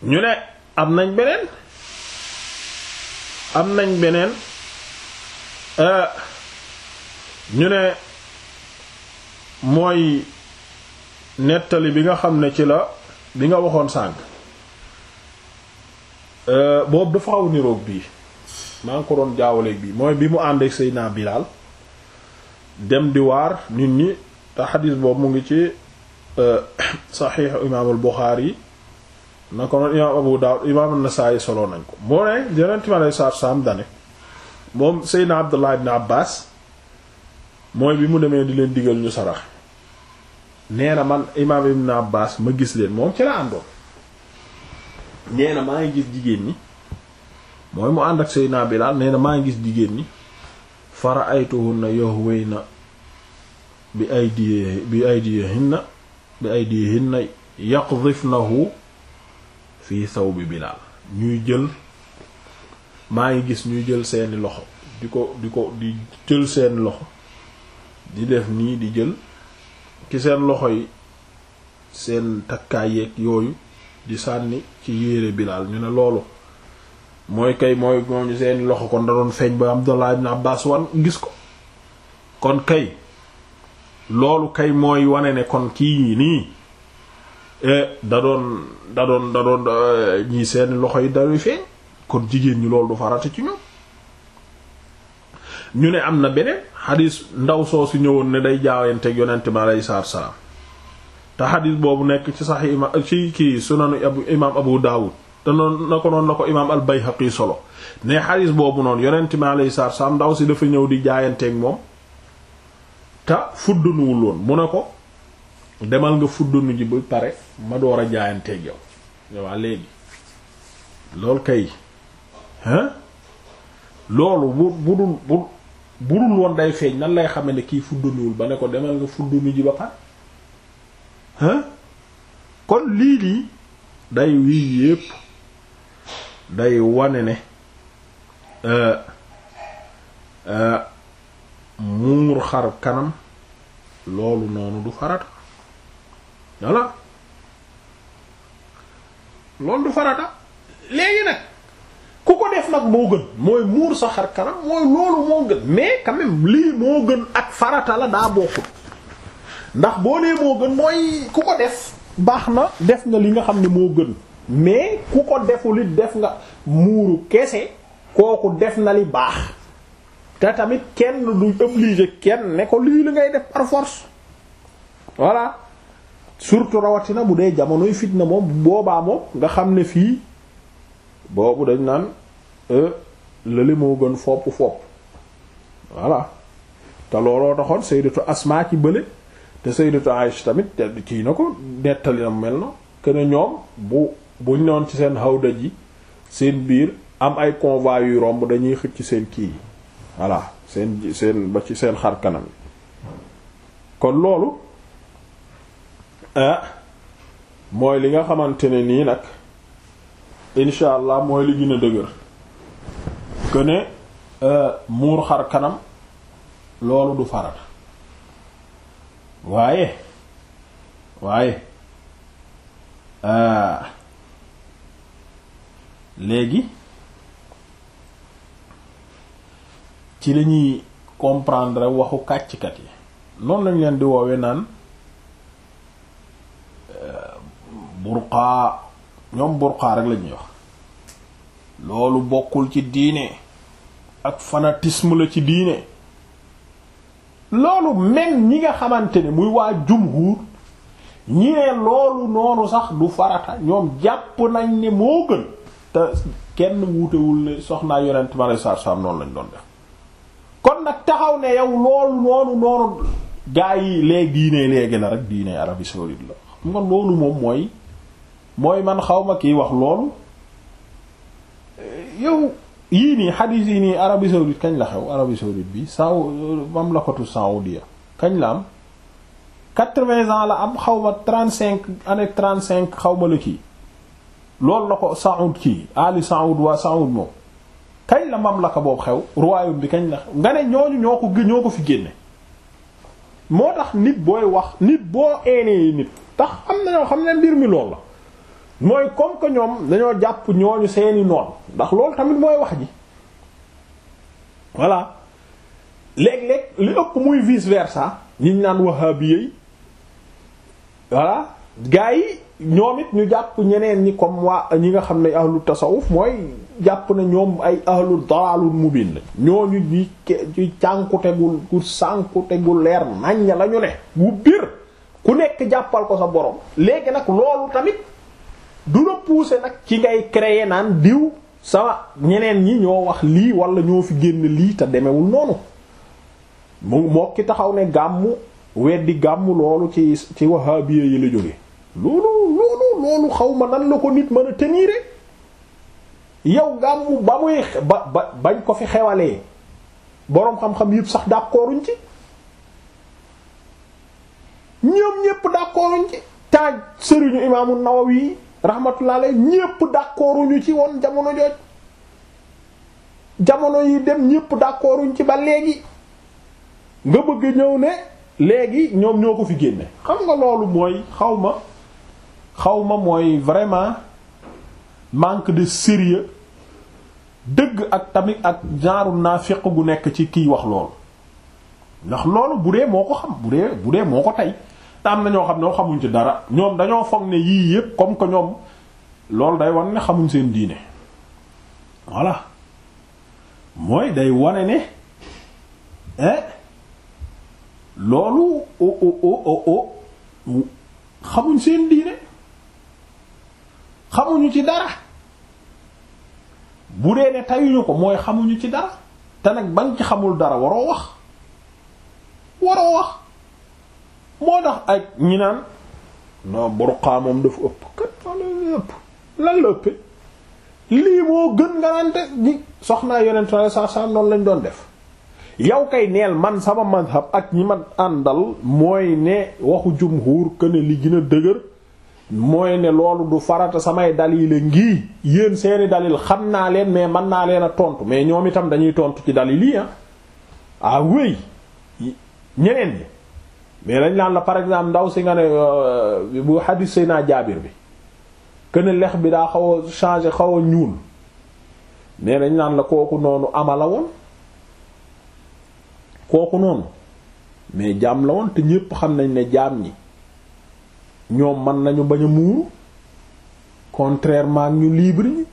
ñu ne am nañ beneen am nañ beneen ah, ñu ne mooy nettali bi nga xam ne ci la bi nga waxoon sànq euh, boobu dafa xaw niroog bii maa ngi ko doon jaawaleeg bii mooy bi mu àndeek ak naa Bilaal dem di waar nit ñi te xadis boobu mu ngi ci euh, saxiix imaamul Buxaari na ko noon imaam Abu Daawud imaam An-Nasaa'i solo nañ ko moo ne Yonent mi alayhi salaatu salaam dane moom Seydina Abdullah ibn Abbaas mooy bi mu demee di leen digal ñu sarax nee na man imaam ibn Abbas ma gis leen moom ci la àndoon nee maa ngi gis jigéen ñi mooy mu ànd ak Seydina Bilaal nee maa ngi gis jigéen ñi fa ra'aytuhunna yahwayna bi aydihi bi aydihinna bi aydihinna fii fi bi Bilaal ñuy jël maa ngi gis ñuy jël seeni loxo di ko di ko di jël seeni loxo di def nii di jël ci seen loxo yi seen takkaay yeeg yooyu di sànni ci yére Bilaal ñu ne loolu mooy kay mooy mooñu seen loxo kon da doon feeñ ba laaj ibn baas wan gis ko kon kay loolu kay mooy wane ne kon kii nii e, da doon da doon da doon e, ñii seen loxo yi daluy feeñ kon jigéen ñi loolu du farata ci ñoom ñu ne am na beneen xadis ndaw soo si ñëwoon ne day jaawanteeg yonent mi aleyhi salaatu wa salaam te xadis boobu nekk ci sax ima ci kii sunanu abu imaam Abu Daawud te noonu na ko noonu la ko imaam al-Bayhaqi solo ne xadis boobu noonu yonent mi aleyhi salaatu salaam ndaw si dafa ñëw di jaayanteeg moom te fuddunuwul woon mu ne ko demal nga fuddunu ji bu pare ma door a jaayanteeg yow waaw léegi loolu kay hein loolu bu bu dul bu. bu dul woon day feeñ nan lay xame ne kii fuddaluwul ba ne ko demal nga fuddalu ji ba pare hein kon lii lii day wii yépp day wane ne euh, euh, muur xar kanam loolu noonu du farata voilà loolu du farata léegi nag ku ko def nag moo gën mooy muur sa xar kanam mooy loolu moo gën mais quand lii moo gën ak faratala la daa bokkul ndax boo nee moo gën mooy ku ko def baax na def nga li nga xam ne moo gën mais ku ko deful it def nga muuru kese kooku def na li baax te tamit kenn du obligé kenn ne ko lii li ngay def par force voilà surtout rawatina bu dee jamonoy fitna moom boobaa moom nga xam ne fii boobu dañ naan e, lële moo gën fopp fopp voilà te looloo taxoon sayyidatu Asma ci bële te sayyidatu Aïsha tamit te kii na ko nettali na mel na que ne ñoom bu buñ noon ci seen hawda ji seen biir am ay convois yu romb dañuy xëcc seen kii yi voilà seen seen ba ci seen xar kanam kon loolu ah mooy li nga xamante ne nii nag incha allah mooy li gën a dëgër que euh, muur xar kanam loolu du farat waaye waaye euh, léegi ci la ñuy comprendre waxu kàcckat yi noonu lañ leen di woowe naan euh, burqa ñoom burqaa rek la wax loolu bokkul ci diine ak fanatisme la ci diine loolu même ñi nga xamante ne muy waa jumhuur ñi ne loolu noonu sax du farata ñoom jàpp nañ ne moo gën te kenn wuutewul soxna soxnaa yonent ma lay noonu lañ doon def kon nag taxaw ne yow loolu noonu noonu gaa yi léegi diine léegi la rek diine Arabie saoudite la xam nga loolu moom mooy mooy man xaw ma kii wax loolu yow yii nii xadiis yi nii Arabie saoudite kañ la xew Arabie saoudite bi sao mamlakatu saoudia kañ la am quatre-vingts ans la am xaw ma trente-cinq année trente-cinq xaw ma la kii loolu la ko Saoud kii Ali Saoud waa Saoud moom kañ la mamlaka boobu xew royaume bi kañ la xew nga ne ñooñu ko ñoo ko fi génne moo tax nit booy wax nit boo eenee nit tax am na ñoo xam ne mbir mi lool la mooy comme que ñoom dañoo jàpp ñooñu seeni noon ndax loolu tamit mooy wax ji voilà léeg li ëpp muy vice versa ñiñ naan wahabi yi voilà gaa yi ñoom it ñu jàpp ñeneen ñi comme waa ñi nga xam ne ahlu tasawuf mooy jàpp na ñoom ay ahlu dalalul mubin la ñooñu ñi ci cànkutegul ku sànkutegul leer naññ lañu ñu ne bu biir ku nekk jàppal ko sa borom léegi nag loolu tamit du puuse nag ci ngay créer naan diw sama ñeneen ñi ñoo wax lii wala ñoo fi génn lii te demewul noonu mu mokki taxaw ne gàmmu weddi gàmmu loolu ci ci wahabiya yi la jóge loolu loolu loolu xaw ma nan la ko nit mën a tenir yow gàmmu ba muy ba ba bañ ko fi xewalee boroom xam-xam yëpp sax d'accorduñ ci ñoom ñépp d'accorduñ ci taaj sëriñu imaamu Nawawi rahmatullah alay ñépp d'accorduñu ci woon jamono jooj jamono yi dem ñépp d'accorduñ ci ba léegi nga bëgg ñëw ne léegi ñoom ñoo ko fi génne xam nga loolu mooy xaw ma xaw ma mooy vraiment manque de sérieux dëgg ak tamit ak genre naafiq gu nekk ci kiy wax loolu ndax loolu bu dee moo ko xam bu dee bu dee moo ko tey te am na ñoo xam ne xamuñ ci dara ñoom dañoo foog ne yii yëpp comme que ñoom loolu day wan ne xamuñ seen diine voilà mooy day wane ne eh loolu o o o o o xamuñ seen diine xamuñu ci dara bu dee ne tayuñu ko mooy xamuñu ci dara te nag bañ ci xamul dara waroo wax waroo wax moo tax ak ñi naan non burqaa moom dafa ëpp kat wala ëpp lan la ëppee lii moo gën nga naan ñi soxnaa yonent na sa sa noonu lañu doon def yow kay neel man sama madhab ak ñi ma àndal mooy ne waxu jumhur que li gën dëgër mooy ne loolu du farata samay dalil ngii yéen seeni dalil xam naa leen mais mën naa leen a tontu mais ñoom itam dañuy tontu ci dalil yi ah ah ñeneen ñi mais dañ naan la par exemple ndaw si nga ne euh, bu xadis say naa jaabir bi kuene lex bi daa xaw a changé xaw a ñuul mais dañ naan la kooku noonu ama la woon kooku noonu mais jaam la te ñépp xam nañ ne jaam ñi ñoom mën nañu bañ a muuru contrairement ak ñu libre ñi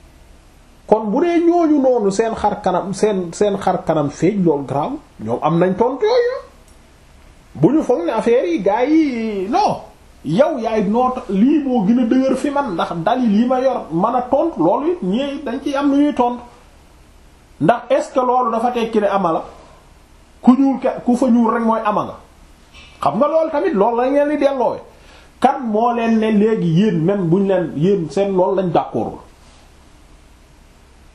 kon bu dee ñooñu noonu seen xar kanam seen xar kanam feej loolu grave ñoom am nañ tontu yooyu bu ñu foog ne affaire yi gars yi non yow yaay noot lii moo gën a dëgër fi man ndax dalil yi ma yor mën a tontu loolu it ñii dañ ciy am lu ñuy tontu ndax est-ce que loolu dafa tekki ne ama la ku ñuul ku fa ñuul rek mooy ama nga xam nga loolu tamit loolu lañ leen di delloowe kan moo leen ne léegi yéen même buñ leen yéen seen loolu lañ d'accord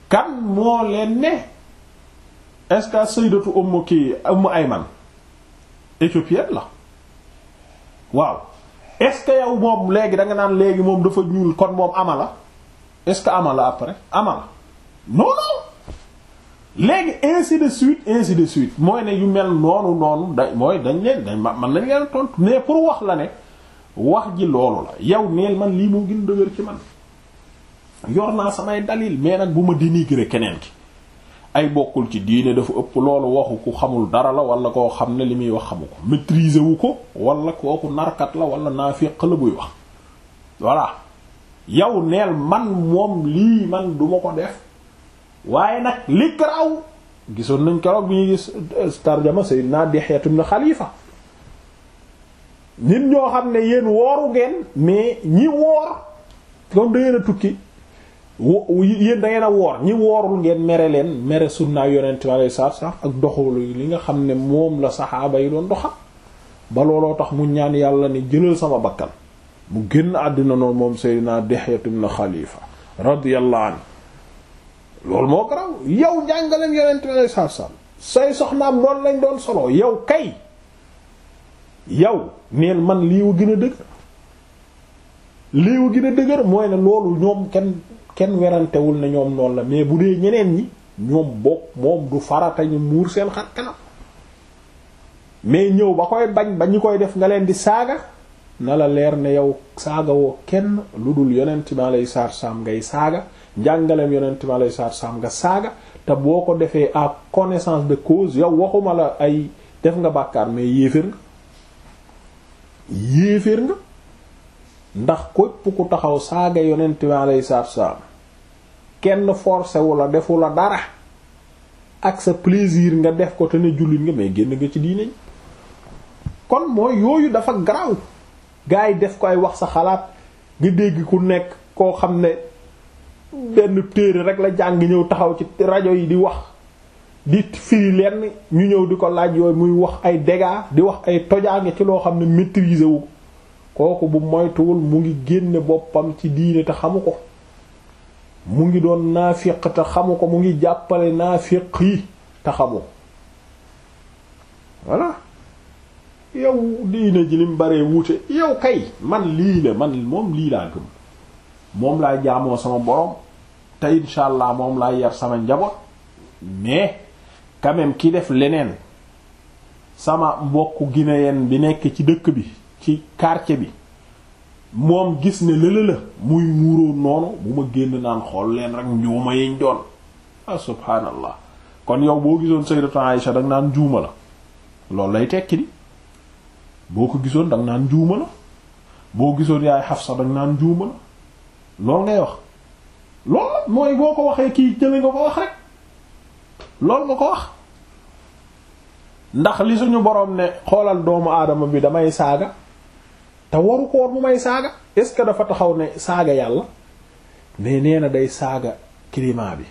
kan moo leen ne est-ce que sayyidatu ummu kii ummu ayman éthiopienne la waaw est yow moom léegi da nga naan léegi moom dafa ñuul kon moom ama la est-ce que ama la après ama la non non léegi ainsi de suite ainsi de suite mooy ne yu mel noonu noonu da mooy dañ leen dañ man lañ leen tontu mais pour wax la ne wax ji loolu la yow neel man lii moo gën dëgër ci man yor naa samay dalil mais nag bu ma dénigrer keneen ki ay bokkul ci diine dafa ëpp loolu waxu ku xamul dara la wala koo xam ne li muy wax xamu ko maîtriser wu ko wala kooku narkat la wala naafiq la buy wax voilà yow neel man moom lii man duma ko def waaye nag li garaaw gisoon nañ keroog bi ñuy gis euh, tarjama sayyidina xeetu ibn Khalifa nit ñoo xam ne yéen wooru ngeen mais ñi woor kon da ngeen tukki yéen da ngeen a woor ñi woorul ngeen mere leen mere sunnaa yonent alayhi salaatu salaam ak doxalu li nga xam ne moom la saxaaba yi doon doxal ba looloo tax mu ñaan yàlla ne jëlal sama bakkan mu génn àddina noonu moom Seydina Dihya ibn Khalifa radiyallahu anhu loolu moo ko raw yow jàngaleem yonent alayhi salaatu salaam say soxnaam doon lañ doon solo yow kay yow neen man lii gën a dëgër lii gën a dëgër mooy ne loolu ñoom kenn kenn werantewul ne ñoom noonu la mais bu dee ñeneen ñi ñoom bokk moom du farata ñu muur seen xar kanam mais ñëw ba koy bañ ba ñu koy def nga leen di saaga nala leer ne yow saaga woo kenn lu dul yonent bi lay salaatu salaam ngay saaga njàngaleem yonent bi alayhi salaatu salaam nga saaga te boo ko defee à connaissance de cause yow waxuma la ay def nga bàkkaar mais yéeféer nga yéeféer nga ndax képp ku taxaw saaga yonent bi alayhi salaatu wassalaam kenn forcé la defu la dara ak sa plaisir nga def ko te ne jullit nga mais génn nga ci diine kon mooy yooyu dafa garaw gars yi def ko ay wax sa xalaat nga dégg ku nekk koo xam ne benn téere rek la jàng ñëw taxaw ci rajo yi di wax di firi lenn ñu ñëw di ko laaj yooyu muy wax ay dégâts di wax ay tojaange ci loo xam ne maîtriser wu ko kooku bu moytuwul mu ngi génne boppam ci diine te xamu ko mu ngi doon naafiq te xamu ko mu ngi jàppale naafiq yi te xamu ko yow diine ji lim baree wuute yow kay man lii la man moom lii laa gëm moom laa jaamoo sama borom te incha allah moom laa yar sama njaboot mais quand même ki def leneen sama mbokku guinéen bi nekk ci dëkk bi ci quartier bi moom gis ne lëla la muy muuroo noonu bu ma génn naan xool leen rek njuuma yiñ doon ah subhaanallah kon yow boo gisoon sayyidatu Aïsha danga naan njuuma la loolu lay tekki di boo ko gisoon danga naan njuuma la boo gisoon yaay Xafsa danga naan njuuma la ngay wax loolu mooy boo ko waxee kii jële nga ko wax rek loolu ma ko wax ndax li suñu boroom ne xoolal doomu aadama bi damay saaga te waru ko mu may saaga est ce que dafa taxaw ne saaga yàlla mais nee na day saaga climat bi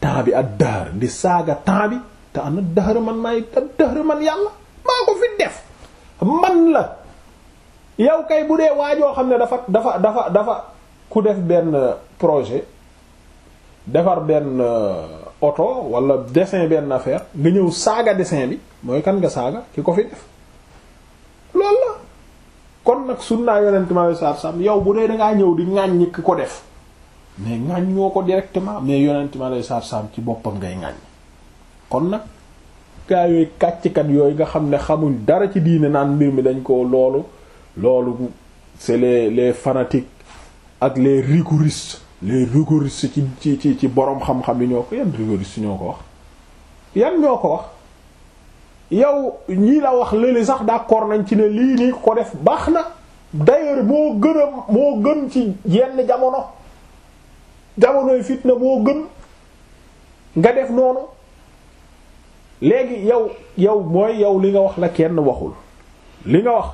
temps bi ak dëhër di saaga temps bi te am na dëhër man maay dëhër man yàlla maa ko fi def man la yow kay bu dee waajoo xam ne dafa dafa dafa dafa ku def benn projet defar benn euh, oto walla dessin benn affaire nga ñëw saaga dessin bi mooy kan nga saaga ki ko fi def loolu kon nag sunnaa yonent ma saar sam yow bu dee dangaa ñëw di ŋàññi ki ko def mais ŋàññoo ko directement mais yonent ma lay saar sam ci boppam ngay ŋàññ kon nag gaa yooyu kàcckat yooyu nga xam ne xamuñ dara ci diine naan mbir mi dañ ko loolu loolu c'est les les fanatiques ak les rigoristes les rigoristes ci ci ci ci boroom xam-xam yi ñoo ko yan rigoristes ñoo ko wax yan ñoo ko wax yow ñii la wax lële sax d'accord nañ ci ne lii nii ko def baax na d'ailleurs moo gën a moo gën ci yenn jamono jamonoy fitna moo gën nga def noonu léegi yow yow mooy yow li nga wax la kenn waxul li nga wax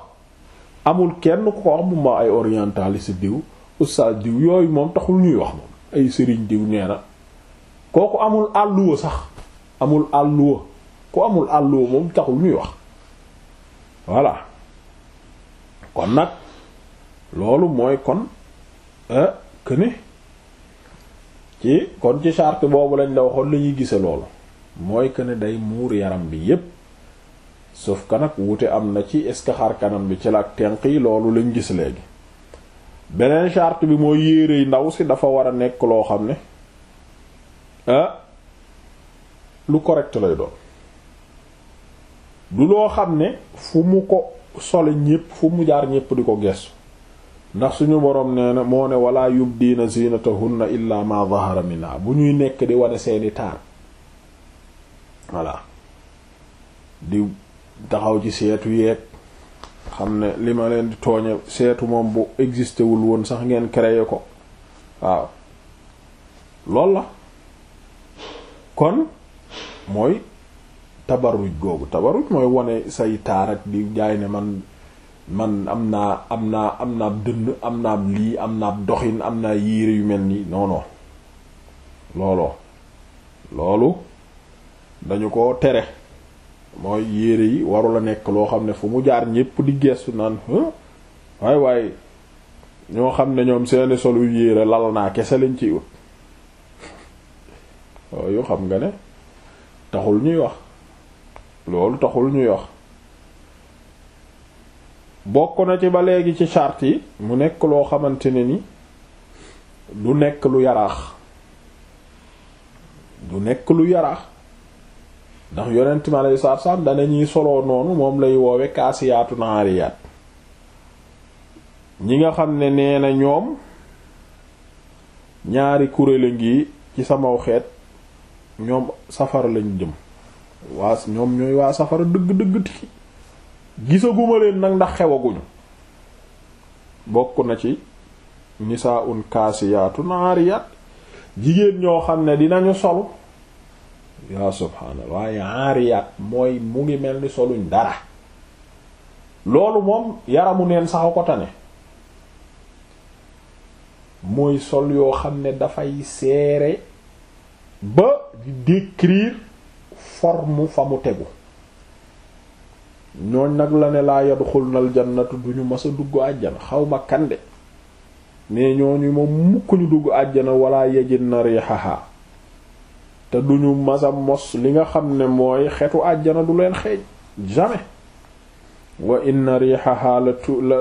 amul kenn ku ko wax bu ma ay orientaliste diw oustaz diw yooyu moom taxul ñuy wax moom ay sëriñ diw nee na kooku amul àlluwa sax amul àlluwa ku amul àlloo moom taxul muy wax voilà kon nag loolu mooy kon këne euh, ci kon ci charte boobu lañ la waxoon la ñuy gise loolu mooy këne day muur yaram bi yépp sauf que nag wuute am na ci est-ce que xar kanam bi ci la ak tenq yi loolu lañ gis léegi beneen charte bi mooy yéerey ndaw si dafa war a nekk loo xam ne ah lu correct lay doon du loo xam ne fu mu ko sole ñépp fu mu jaar ñépp di ko gestu ndax suñu boroom nee na moo ne wala yubdiina na illa ma zahara minha bu ñuy nekk di wane seeni taar voilà di taxaw ci seetu yeeg xam ne li ma leen di tooñe seetu moom bu existé wul woon sax ngeen créé ko waaw lool la kon mooy tabarruj googu tabarruj mooy wone say taar ak di jaay ne man man am naa am naa am naa dënn am naa lii am naa doxin am naa yiire yu mel nii non non looloo loolu dañu ko tere mooy yére yi warula nekk loo xam ne fu mu jaar ñépp di gestu naan waaye waaye ñoo xam ne ñoom seeni solu yére lal naa kese lañ ci ut yooyu xam nga ne taxul ñuy wax loolu taxul ñuy wax bokk na ci ba léegi ci charte yi mu nekk loo xamante ne ni du nekk lu yaraax du nekk lu yaraax ndax yonent mi aleyhi salaatu salaam dana ñuy soloo noonu moom lay woowe kaasiyaatu naariyaat ñi nga xam ne nee ñoom ñaari kuréel a ngi ci samaw xeet ñoom safara lañ jëm waa ñoom ñooy waa safara dëgg-dëgg tiki gisaguma leen nag ndax xewaguñu bokk na ci nisaa'un kaasiyaatun aariyaat jigéen ñoo xam ne dinañu sol yaa subhaanallah waaye aariyaat mooy mu ngi mel ni soluñ dara loolu moom yaramu neen sax a ko tane mooy sol yoo xam ne dafay seere ba décrire forme fa mu tegu ñooñ nag la ne laa yadxulna aljannatu du ñu masa dugg àjjana xawma kande ne ñooñu moom mukk ñu dugg àjjana wala yajidna rihaha te du ñu masa mos li nga xam ne mooy xetu àjjana du leen xeeñ jamais wa inna rihaha la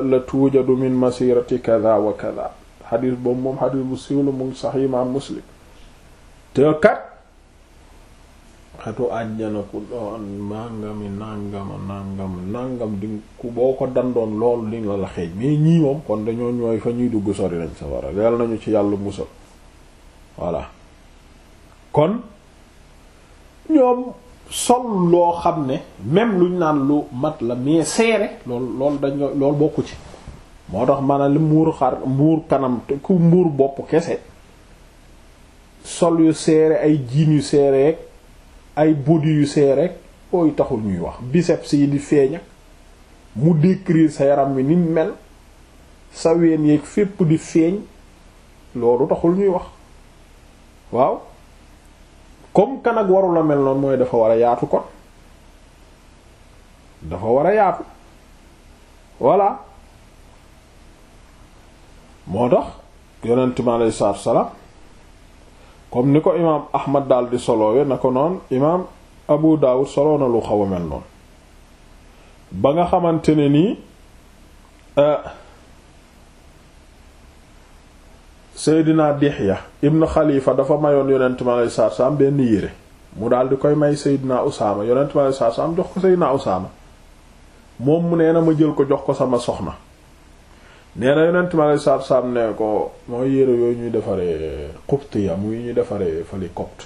la tuujadu min masirati kada wa kada xadis boobu moom xadis bu siiw mu ngi sax imaam muslim te xetu àjjana ku doon nàngami nàngama nàngam nàngam di ku boo ko dandoon loolu di la la xeej mais ñii moom kon dañoo ñooy fa ñuy dugg sori nañ safara yal nañu ci yàlla musal voilà kon ñoom sol loo xam ne même luñ naan lu mat la mais seere lool lool dañ lool bokku ci moo tax maanaam li muur xar muur kanam te ku muur bopp kese sol yu seere ay jiin yu seere ay body yu see rek ooy taxul ñuy wax biceps yi di feeña ak mu décrire sa yaram wi ni mel sa ween yeeg fépp di feeñ loolu taxul ñuy wax waaw comme kan warula mel noonu mooy dafa war a yaatu kon dafa war a yaatu voilà moo tax yonent mi alayhi salaatu salaam comme ni ko imaam ahmad daal di soloowe na ko noon imaam abu daawud soloo na lu xaw a mel noonu ba nga xamante ne nii euh, seydina dihya ibn xalifa dafa mayoon yonent mi aleyhi salaatu salaam benn yére mu daal di koy may seydina usaama yonent mi aleyhi salaatu salaam jox ko seydina usaama moom mu nee na ma jël ko jox ko sama soxna nee na yonent ma lay saab-saab ne ko mooy yére yooyu ñuy defaree Qubtiya muy ñuy defaree fali Copte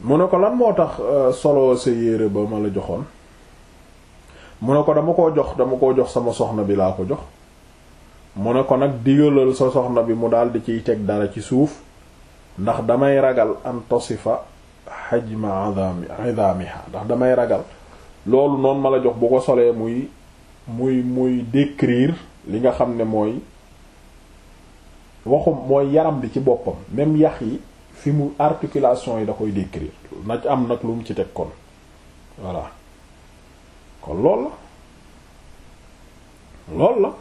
mu ne ko lan moo tax euh, solo sa yére ba ma la joxoon mu ne ko dama koo jox dama ko jox sama soxna bi laa ko jox mu ne ko nag digalal sa soxna bi mu daal di ciy teg dara ci suuf ndax damay ragal an tasifa hajma idamiha ndax damay ragal loolu noonu ma la jox bu ko solee muy muy muy décrire li nga xam ne mooy waxum mooy yaram bi ci boppam même yax yi fi mu articulation yi da koy décrire na ci am nag lu mu ci teg kon voilà kon lool la lool la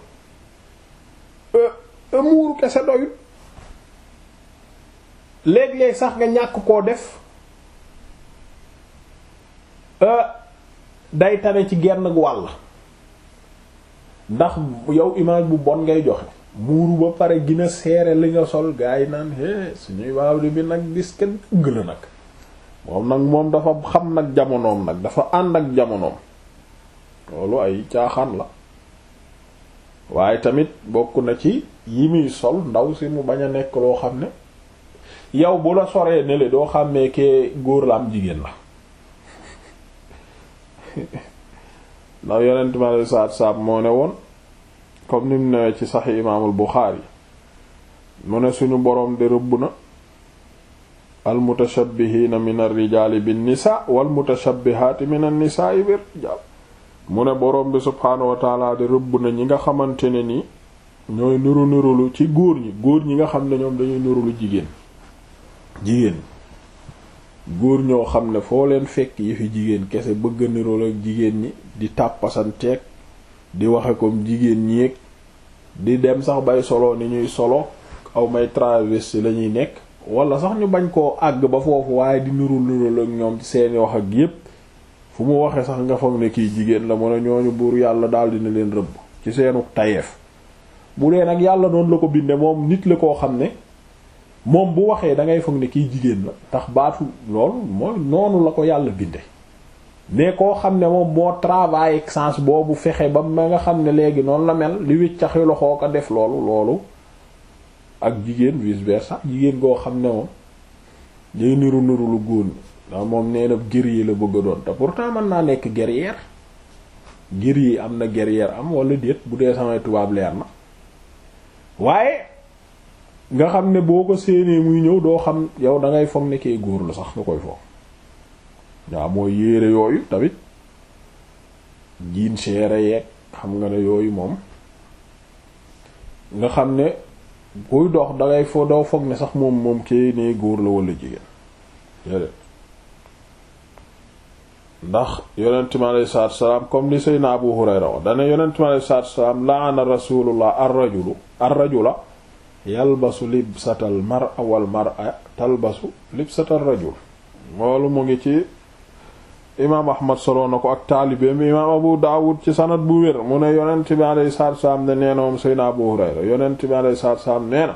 euh, muuru kese doyut léegi léeg sax nga ñàkk koo def euh, day tane ci genn wàll ndax yow image bu bon ngay joxe muuru ba pare gina seere li nga sol gaa yi naan é suñuy waawli bi nag gis kenn dëgg la nag moom nag moom dafa xam nag jamonoom nag dafa ànd ak jamonoom ay caaxaan la waaye tamit bokk na ci yi muy sol ndaw si mu bañ a nekk loo xam ne yow bu la soree ne le doo xàmmee kee góor la am jigéen la ndax yonent mi alei salaatu salaam moo ne woon comme nim ne ci saxi imaamul Buxaari mu ne suñu boroom de rëbb na almutashabbihiina min arrijaali binnisaa walmutashabbihaati min annisaai birrijaal mu ne boroom bi subhaanahu wa de rëbb na ñi nga xamante ne ni ñooy niru nirulu ci góor ñi góor ñi nga xam ne ñoom dañuy nirulu jigéen jigéen góor ñoo xam ne foo leen fekk yi fi jigéen kese bëgg nirool ak jigéen ñi di tàppasanteeg di waxe comme jigéen ñi di dem sax bay solo ni ñuy solo aw may travesti la ñuy nekk wala sax ñu bañ koo àgg ba foofu waaye di nirul nirool ak ñoom seeni wax ak yépp fu mu waxee sax nga foog ne kii jigéen la mën a ñu buur yàlla daal na leen rëbb ci seenu tayeef bu dee nag yàlla noonu la ko binde moom nit la koo xam ne moom bu waxee da ngay foog ne kiy jigéen la tax baatu loolu mooy noonu la ko yàlla binde mais koo xam ne moom moo travail sens boobu fexe ba ma nga xam ne léegi noonu la mel li wiccaxi loxoo ko def loolu loolu ak jigéen vice sax jigéen koo xam ne moom day niru niru lu góor ndax moom nee na guerrier la bëgg a doon te pourtant mën naa nekk guerrière guerrier am na guerrière am wala déet bu dee samay tubaab leer na waaye nga xam ne boo ko séenee muy ñëw doo xam yow dangay ngay foog nekkee góor la sax nga koy foog tamit jiin xam nga ne yooyu moom nga xam ne kuy dox dangay fo doo foog ne sax moom moom kay ne góor la wala jigéen ndax yonent mi aleyhi salaatu salaam comme li Seydina Abu Hurayra wax dane yonent mi aleyhi salaatu salaam la'ana rasulullah ar-rajulu ar-rajula yalbasu libsatal mar a talbasu libsatal rajul loolu mu ngi ci imaam ahmad soloo na ko ak taalibeem imaam abu daawud ci sanad bu wér mu ne yonent bi alayhi salaatu salaam ne nee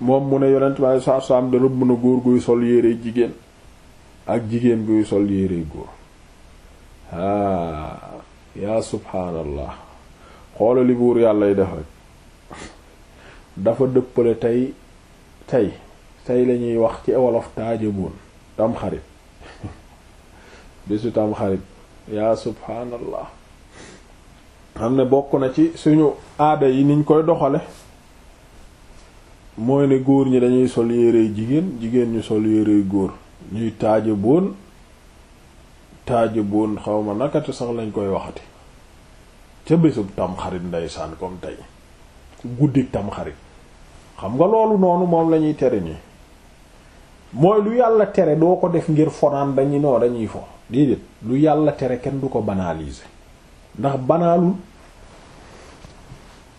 moom mu ne yonent bi alayhi salaatu salaam da rëbb na góor guy sol yére jigéen ak jigéen guy sol yére góor aa yaa subhaanallah xoolali buur yàlla yi def dafa dëppale tey tey tey lañuy wax ci wolof taajaboon tam xarit bésu tam xarit yaa subhaanallah xam ne bokk na ci suñu aada yi niñ koy doxale mooy ne góor ñi dañuy sol yérey jigéen jigéen ñu sol yérey góor ñuy taajaboon taajaboon xawma naka te sax lañ koy waxati ca bésub tamxarit nday ndeysaan comme tey guddik tamxarit xam nga loolu noonu moom lañuy tere nii mooy lu yàlla tere doo ko def ngir fonaan dañuy noo dañuy fo déedéet lu yàlla tere kenn du ko banaliser ndax banaalul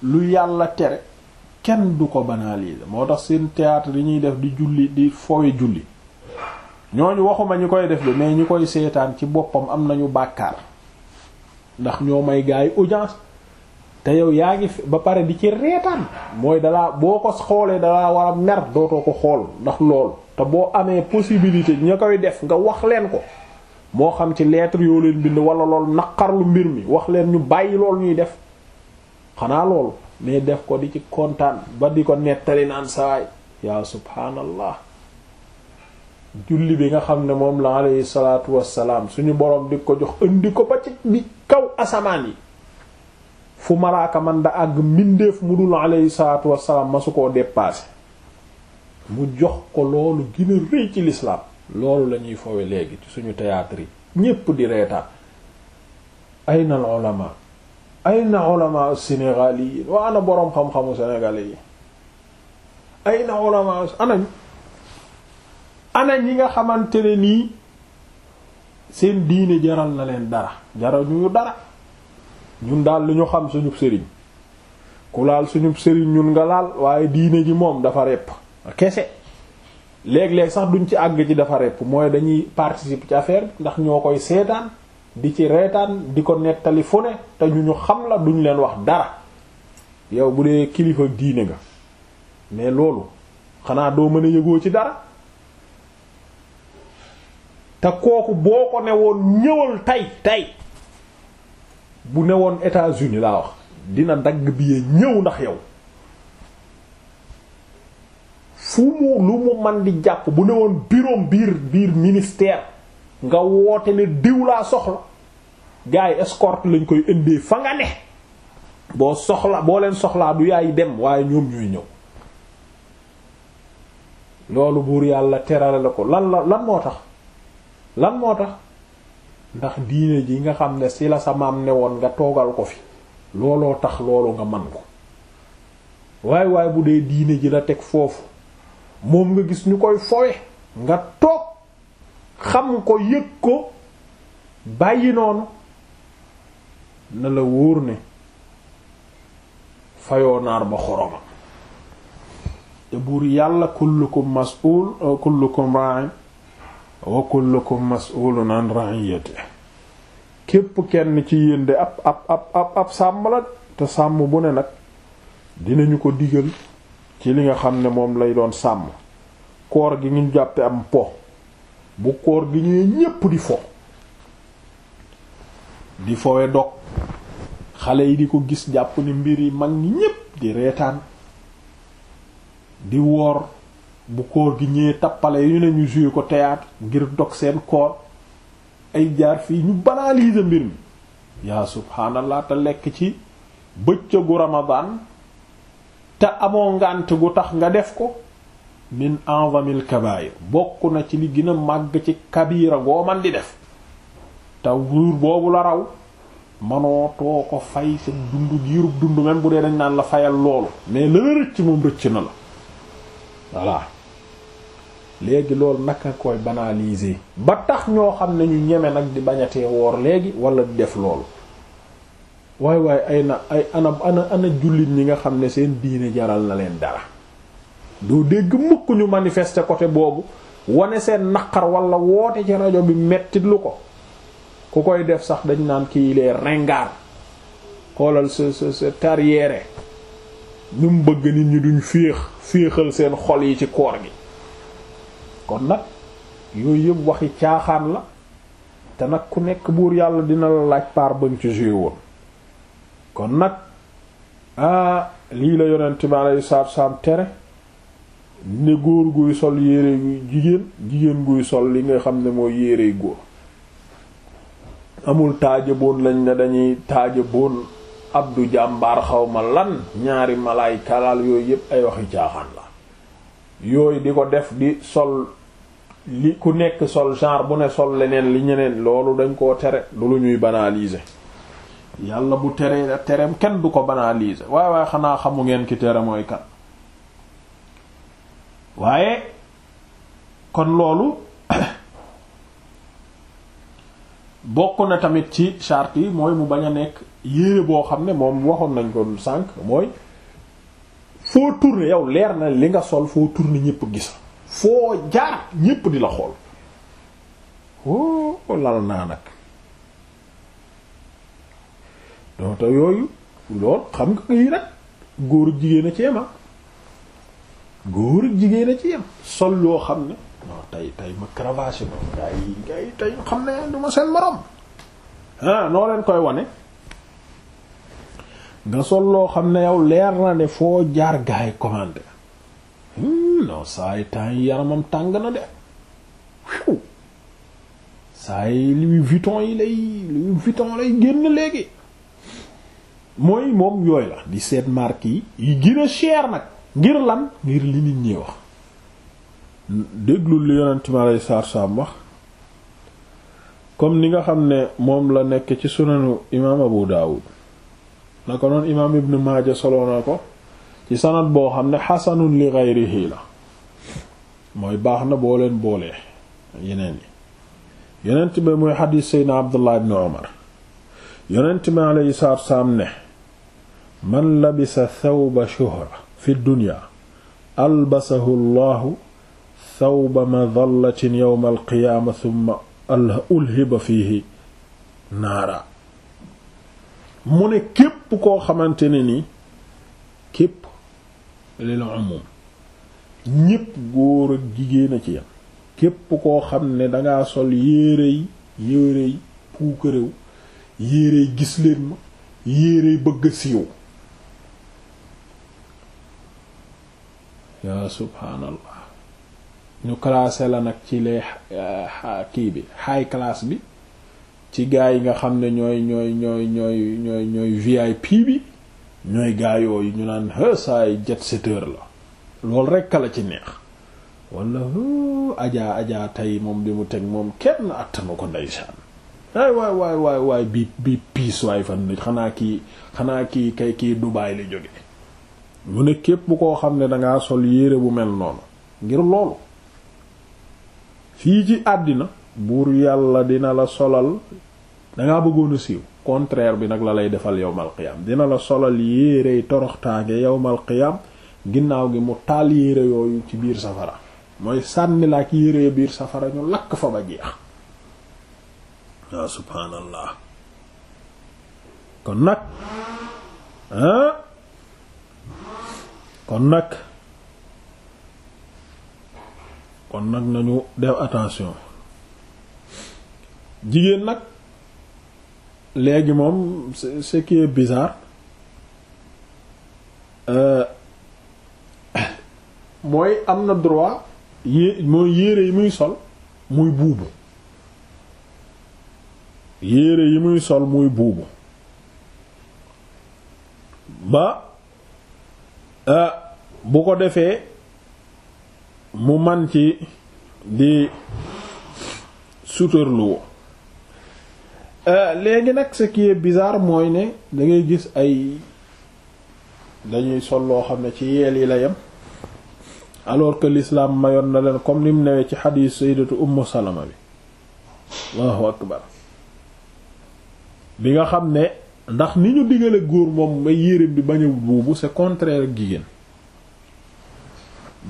lu yàlla tere kenn du ko banaliser moo tax seen théâtre yi ñuy def di julli di fowe julli ñooñu waxuma ñi koy def li mais ñi koy seetaan ci boppam am nañu bàkkaar ndax ñoo may gaay audience te yow yaa ngi ba pare di ci reetaan mooy dalaa boo ko xoolee dalaa war a mer dootoo ko xool ndax lool te boo amee possibilité ña koy def nga wax leen ko moo xam ci lettre yoo leen bind wala loolu naqarlu mbir mi wax leen ñu bàyyi loolu ñuy def xanaa lool mais def ko di ci kontaan ba di ko nettali naan sawaay yaa subhaanallah julli bi nga xam ne moom la alayhi salaatu wassalaam suñu borom di ko jox indi ko ba ci bi kaw asamaan yi fu malaaka man da àgg mbindeef mu dul alayhi salaatu ma su koo dépassé mu jox ko loolu gën a rëy ci lislaam loolu la ñuy fowe léegi ci suñu théâtre yi ñépp di reetaan ayna al ana boroom xam-xamu sénégalais ana ñi nga xamante nii seen diine jaral na leen dara jaral ñu dara ñun daal lu ñu xam suñu sëriñ ku laal suñu sëriñ ñun nga laal waaye diine ji moom dafa repp kese léeg-léeg sax duñ ci àgg ji dafa repp mooy dañuy participer ci affaire bi ndax ñoo koy seetaan di ci reetaan di ko nettali fu te ñu ñu xam la duñ leen wax dara yow bu dee kilifa diine nga mais loolu xanaa doo mën a yëgoo ci dara te kooku boo ko woon ñëwal tey tey bu newoon États-Unis laa wax dina dagg billet ñëw ndax yow fu mu lu mu man di jàpp bu newoon bureau biir biir ministère nga woote ne diw laa soxla gars yi lañ koy indee fa nga ne boo soxla boo leen soxlaa du yaay dem waaye ñoom ñuy ñëw loolu buur yàlla terale la ko lan la lan moo tax lan moo tax ndax diine ji nga xam ne si la sa maam ne woon nga toogal ko fi looloo tax loolu nga man ko waay waay bu dee diine ji la teg foofu moom nga gis ñu koy fowe nga toog xam ko yëg ko bàyyi noonu na la wóor ne fayoo naar ba xoroma te buur yàlla kullukum mas'ul kullukum ra'in wa kullukum mas'ulun an ra'iyatihi képp kenn ci yéen de ab ab ab ab sàmm la te sàmm bu ne nag dinañu ko digal ci li nga xam ne moom lay doon sàmm koor gi ñu jàppe am po bu koor gi ñuy ñépp di fo di fowe dog xale yi di ko gis jàpp ni mbir yi mag ñi ñépp di reetaan di woor bu koor gi ñëwee tappale yu ne ñu ko théâtre ngir dog seen koor ay jaar fii ñu banaliser mbir mi yaa subhaanallah te lekk ci bëccëgu ramadan te amoo ngànt gu tax nga def ko min a'zamil kabaa'ir bokk na ci li gën màgg ci kabira goo man di def te wuur boobu la raw manoo ko fay sa dund giirub dund même bu dee dañ naan la fayal loolu mais la rëcc moom rëcc na la voilà léegi loolu nag naka koy banaliser ba tax ñoo xam ne ñu ñeme nag di bañatee woor léegi walla di def loolu waay waay ay na ay ana ana ana jullit ñi nga xam ne seen biine jaral na leen dara doo dégg mukk ñu manifester côté boobu wane seen naqar walla woote ci rajo bi mettit lu ko ku koy def sax dañ naan kii les ringards xoolal sa sa sa tarière bëgg nit ñi duñ féex féexal seen xol yi ci koor gi kon nag yooyu yëpp waxi caaxaan la te nag ku nekk buur yàlla dina la laaj paar bañ ci joué woon kon nag ah lii la yonent bi aleyhi salaatu wa tere ne góor guy sol yére jigéen jigéen guy sol li nga xam ne mooy yére góor amul taaja boon lañ ne dañuy taaja boon abdu jàmbaar xawma lan ñaari malaay kalaal yooyu yépp ay waxi caaxaan la yooyu di ko def di sol li ku nekk sol genre bu ne sol leneen li ñeneen loolu dañ koo tere du lu ñuy banaliser yàlla bu teree tereem kenn du ko banaliser waaye waaye xanaa xamu ngeen ki tere mooy kan waaye kon loolu bokk na tamit ci charte yi mooy mu bañ a nekk yére boo xam ne moom waxoon nañ ko sànk mooy foo tourner yow leer na li nga sol foo tourner ñépp gis foo jaar ñépp di la xool o oh, lal naa nag donc yooyu lool xam nga yi nag góor ak jigéen a ci yem ah. góor ak jigéen a ci yem sol loo xam ne non tey tey ma cravaché moom gars yi xam ne du ma seen morom ah noo leen koy wane nga sol loo xam ne yow leer na ne foo jaar gars yi commandé hmm, non saa yi temps yi yaramam tàng na de saa yi Louis Vuitton yi lay Louis Vuitton lay génn léegi mooy moom yooyu la di seet mark yi yi gën cher nag ngir lan ngir li nit ñi wax déglul li yonent mi comme ni nga xam ne moom la nekk ci sunanu imaam Abu Daawud na ko noon imaam Ibn Maaja solo na ko ci sanad boo xam ne xasanu li gayrihi la mooy baax na boo leen boolee yeneen yi yonent bi muy xadiis Seydina Abdullah ibn Umar yonent bi alayhi salaatu salaam ne man labisa thawba shuhra fi dunya albasahu Allahu thawba madallatin yowma alqiyaama thumma ulhiba fiihi naara mu ne képp koo xamante ne ni képp lil umum ñépp góor ak jigéen a ci yam képp koo xam ne dangaa sol yéerey yéerey puukaréew yéerey gis leen ma yéerey bëgg siiw yaa subhaanallah ñu classé la nag ci les euh, kii bi high class bi ci gaa yi nga xam ne ñooy ñooy ñooy ñooy ñooy ñooy VIP bi ñooy gaa yooyu ñu naan saay jet seteur la loolu rekk la ci neex wala ajaa ajaa tey moom bi mu teg moom kenn attanu ko ndeysaan ay waay waay waay waay bi bi piis waay fan la xanaa kii xanaa kii kay kii Dubaay la jóge mu ne képp koo xam ne danga sol yére bu mel noonu ngir loolu fii ci àddina buur yàlla dina la solal danga bëggoon a siiw contraire bi nag la lay defal yowmal qiyaam dina la solal yéerey toroxtaange yowmal qiyaam ginnaaw gi mu taal yéere yooyu ci biir safara mooy sànni la ak yéere biir safara ñu lakk fa ba jeex yaa subhaanallah kon nag ah kon nag kon nag nañu def attention jigéen nag léegi moom ce qui est bizarre euh, mooy am na droit yé mooy yére yi muy sol muy buubu yére yi muy sol muy buubu ba euh, bu ko defee mu man ci di suturlu euh, léegi nag ce qui est mooy ne dangay gis ay dañuy sol loo xam ne ci yeel yi la yem alors que l'islam mayoon na leen comme ni mu newee ci xadiis sayyidatu ummu salama bi allahu akbar bi nga xam ne ndax ni ñu digale góor moom may yéreem bi bañ a buubu c'est contraire ak jigéen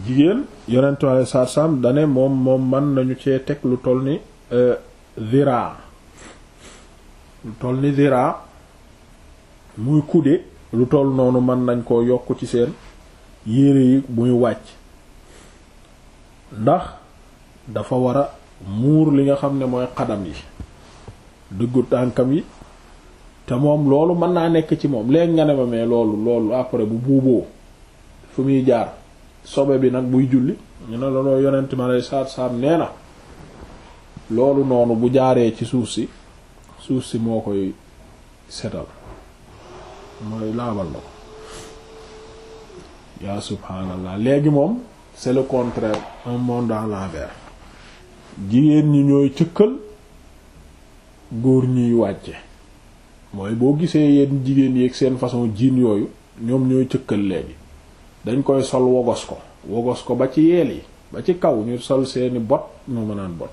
jigéen yonentu Yàlla saar sam dane moom moom mën nañu cee teg lu toll ni vira euh, lu toll ni zira muy kude lu toll noonu mën nañ koo yokk ci seen yére yi muy wàcc ndax dafa war muur li nga xam ne mooy xadam yi dëggu tànkam yi te moom loolu mën naa nekk ci moom leen nga ne ma mais loolu loolu après bu buuboo fu muy jaar sobe bi nag buy julli ñu ne la loolu yonent ma lay saat saat nee na loolu noonu bu jaaree ci suuf si suuf si moo koy setal mooy laabal na ko yaa subhaanallah léegi moom c'est le contraire un monde à l'envers jigéen ñi ñooy cëkkal góor ñuy wàcce mooy boo gisee yéen jigéen yi ak seen façon jiin yooyu ñoom ñooy cëkkal léegi dañ koy sol wogos ko wogos ko ba ci yeel yi ba ci kaw ñu sol seeni bot ñu mënaan bot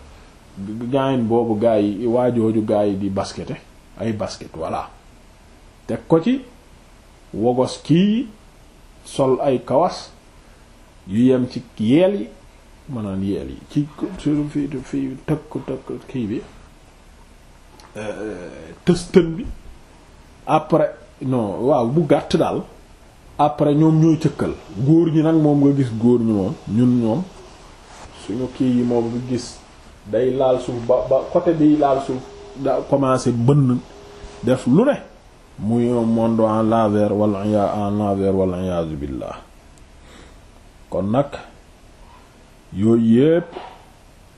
gaayin boobu gaa yi waajooju gaa di baskete ay basket voilà teg ko ci wogos kii sol ay kawas yu yem ci yeel yi mënaan yeel yi ci fi fi tëkk tëkk kii bi euh, tëstën bi après no waaw bu gàtt daal après ñoom ñooy cëkkal góor ñi nag moom nga gis góor ñu moom ñun ñoom suñu kii yi moom nga gis day laal suuf ba ba côté bi laal suuf da commencé bënn def lu ne muy monde en laver wala en laver wala iyaazu billah kon nag yooyu yépp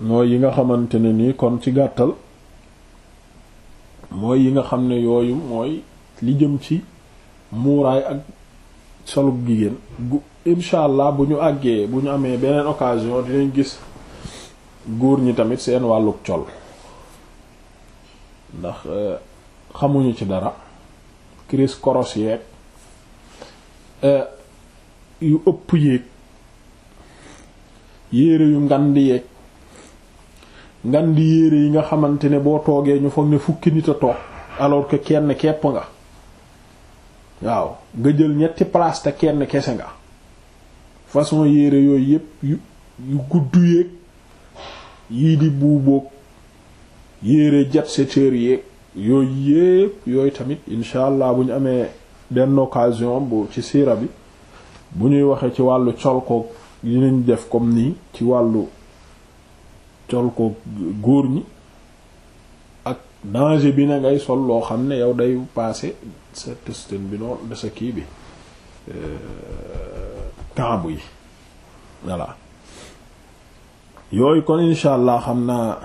mooy yi nga xamante ne nii kon ci gàttal mooy yi nga xam ne yooyu mooy li jëm ci muuraay ak solub jigéen gu incha allah bu ñu àggee bu ñu amee beneen occasion dinañ gis góor ñi tamit seen wàllug col ndax euh, xamuñu ci dara crise koros yeeg euh, yu ëpp yéeg yére yu ngandi yeeg ngandi yére yi nga xamante ne boo toogee ñu foog ne fukki nit a toog alors que kenn kepp nga waaw nga jël ñetti place te kenn kese nga façon yére yooyu yépp yu yu gudd yéeg yii di buuboog yére jat seteur yéeg yooyu yépp yooyu tamit incha allah bu ñu amee benn occasion bu ci siira bi bu ñuy waxee ci wàllu colkoog yi ñu def comme nii ci wàllu colkoog góor ñi ak danger bi na ngay sol loo xam ne yow day passé sa testin bi noonu de sa kii bi kaabu euh, yi voilà yooyu kon incha allah xam naa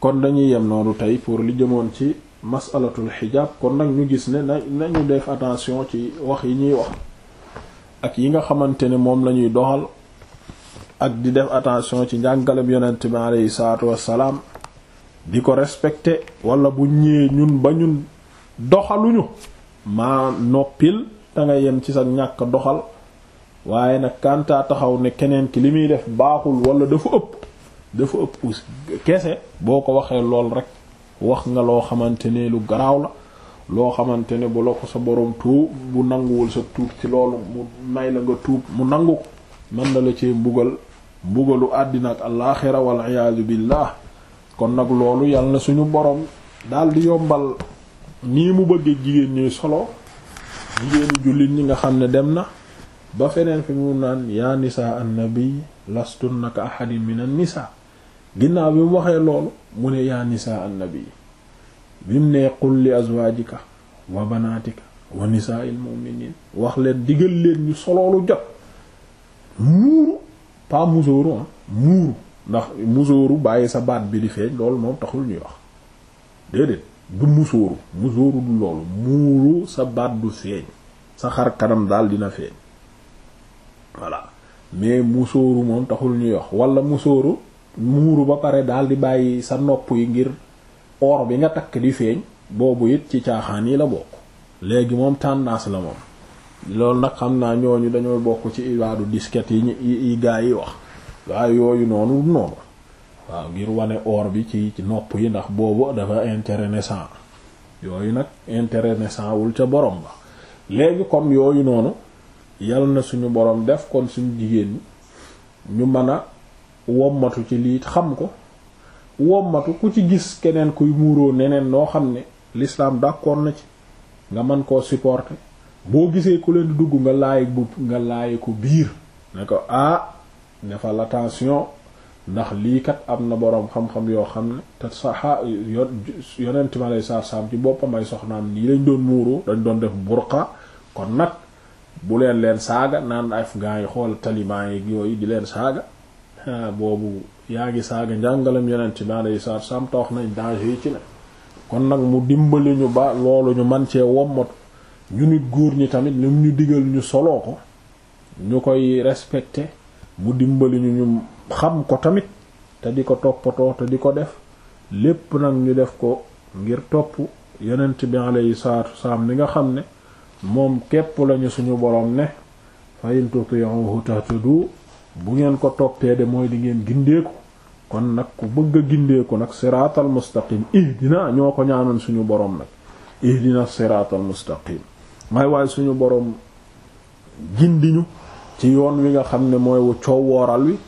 kon dañuy yem noonu tey pour li jëmoon ci masalatul xijaab kon nag ñu gis ne na nañu def attention ci wax yi ñuy wax ak yi nga xamante ne moom lañuy doxal ak di def attention ci njàngaleb yonent bi aleyhi salaatu wassalaam di ko respecté walla bu ñëwee ñun ba ñun doxaluñu maa noppil te nga yem ci sa ñàkk doxal waaye nag kantaa taxaw ne keneen ki li muy def baaxul wala dafa ëpp dafa ëpp kese boo ko waxee lool rek wax nga loo xamante ne lu garaaw la loo xamante ne bu ko sa boroom tuub bu nanguwul sa tuub ci loolu mu may la nga tuub mu nangu ko mën na la ci mbugal mbugalu àddina ak alaaxira wal iyaazu billah kon nag loolu yàlla suñu borom daal di yombal nii mu bëggee jigéen ñuy solo jigéenu jullit ñi nga xam ne dem na ba feneen fi mu naan yaa nisa annabi lastunna ka ahadin min ginnaaw bi mu waxee loolu mu ne yaa nisa annabi bi mu nee qul li azwaajika wa banaatika wa nisaa'il mu'miniin wax leen digal leen ñu soloolu jot muuru pas musóoru ah muuru ndax musóoru bàyyi sa baat bi di feeñ loolu moom taxul ñuy wax déedéet du musóoru musóoru du loolu muuru sa baat feeñ sa xar kanam daal dina feeñ voilà mais musóoru moom taxul ñuy wax wala musóoru muuru ba pare daal di bàyyi sa nopp yi ngir or bi nga takk di feeñ boobu it ci caaxaan yi la bokk léegi moom tendance la moom loolu nag xam naa ñooñu dañoo bokk ci ibaadu disket yi yi gaa yi wax waaye yooyu noonu noonu waaw ngir wane or bi ci nopp yi ndax boobu dafa intérêt naissant yooyu nag intérêt naissant wul ca borom ba léegi kon yooyu noonu yal na suñu borom def kon suñu jigéen ñi ñu mën a wommatu ci lii xam ko womatu ku ci gis keneen kuy muuroo neneen noo xam ne l'islam d'accord na ci nga mën koo supporter boo gisee ku leen di dugg nga laay bu nga laay ko biir ne ko ah defal attention ndax lii kat am na boroom xam-xam yoo xam ne te saxa yo yonent ma lay saar-saam ci boppam ay soxnaam nii lañ doon muuroo dañ doon def burqa kon nag bu leen leen saaga naan afghan yi xool taliban yi yooyu di leen saaga ah, boobu yaa ngi saaga njàngalam yonent ma lay saar-saam te wax nañ danger yi ci ne kon nag mu dimbali ñu ba loolu ñu man cee wommat ñu nit góor ñi tamit lim ñu digal ñu soloo ko ñu koy respecté mu dimbali ñu ñu xam ko tamit te di ko toppatoo te di ko def lépp nag ñu def ko ngir topp yonent bi alayhi salaatu wasalaam li nga xam ne moom képp lañu suñu boroom ne fa in tuti'uhu tahtadu bu ngeen ko toppee de mooy di ngeen gindeeku kon nag ku bëgg gindeeku nag siraatal mustaqim dina ñoo ko ñaanoon suñu boroom nag dina siraatal mustaqim may waaye suñu boroom gindiñu ci yoon wi nga xam ne mooy wu coowooral wi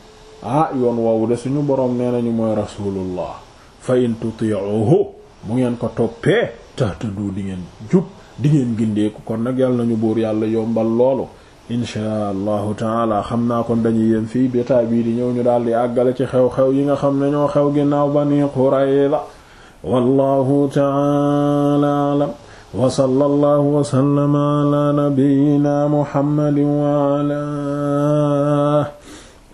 a ah, yoon woowu de suñu boroom nee nañu mooy rasulullah fa in tuti'uhu bu ngeen ko toppee tahtadu di ngeen jub di ngeen gindeeku kon nag yàlla nañu buur yàlla yombal loolu inchaa allahu taala xam naa kon dañuy yem fii bataay bii di ñëw ñu daal di àggale ci xew-xew yi nga xam ne ñoo xew ginnaaw bani qurayza wallahu taala alam wa sallallahu wa sallama ala nabiyyina muhammadin wa ala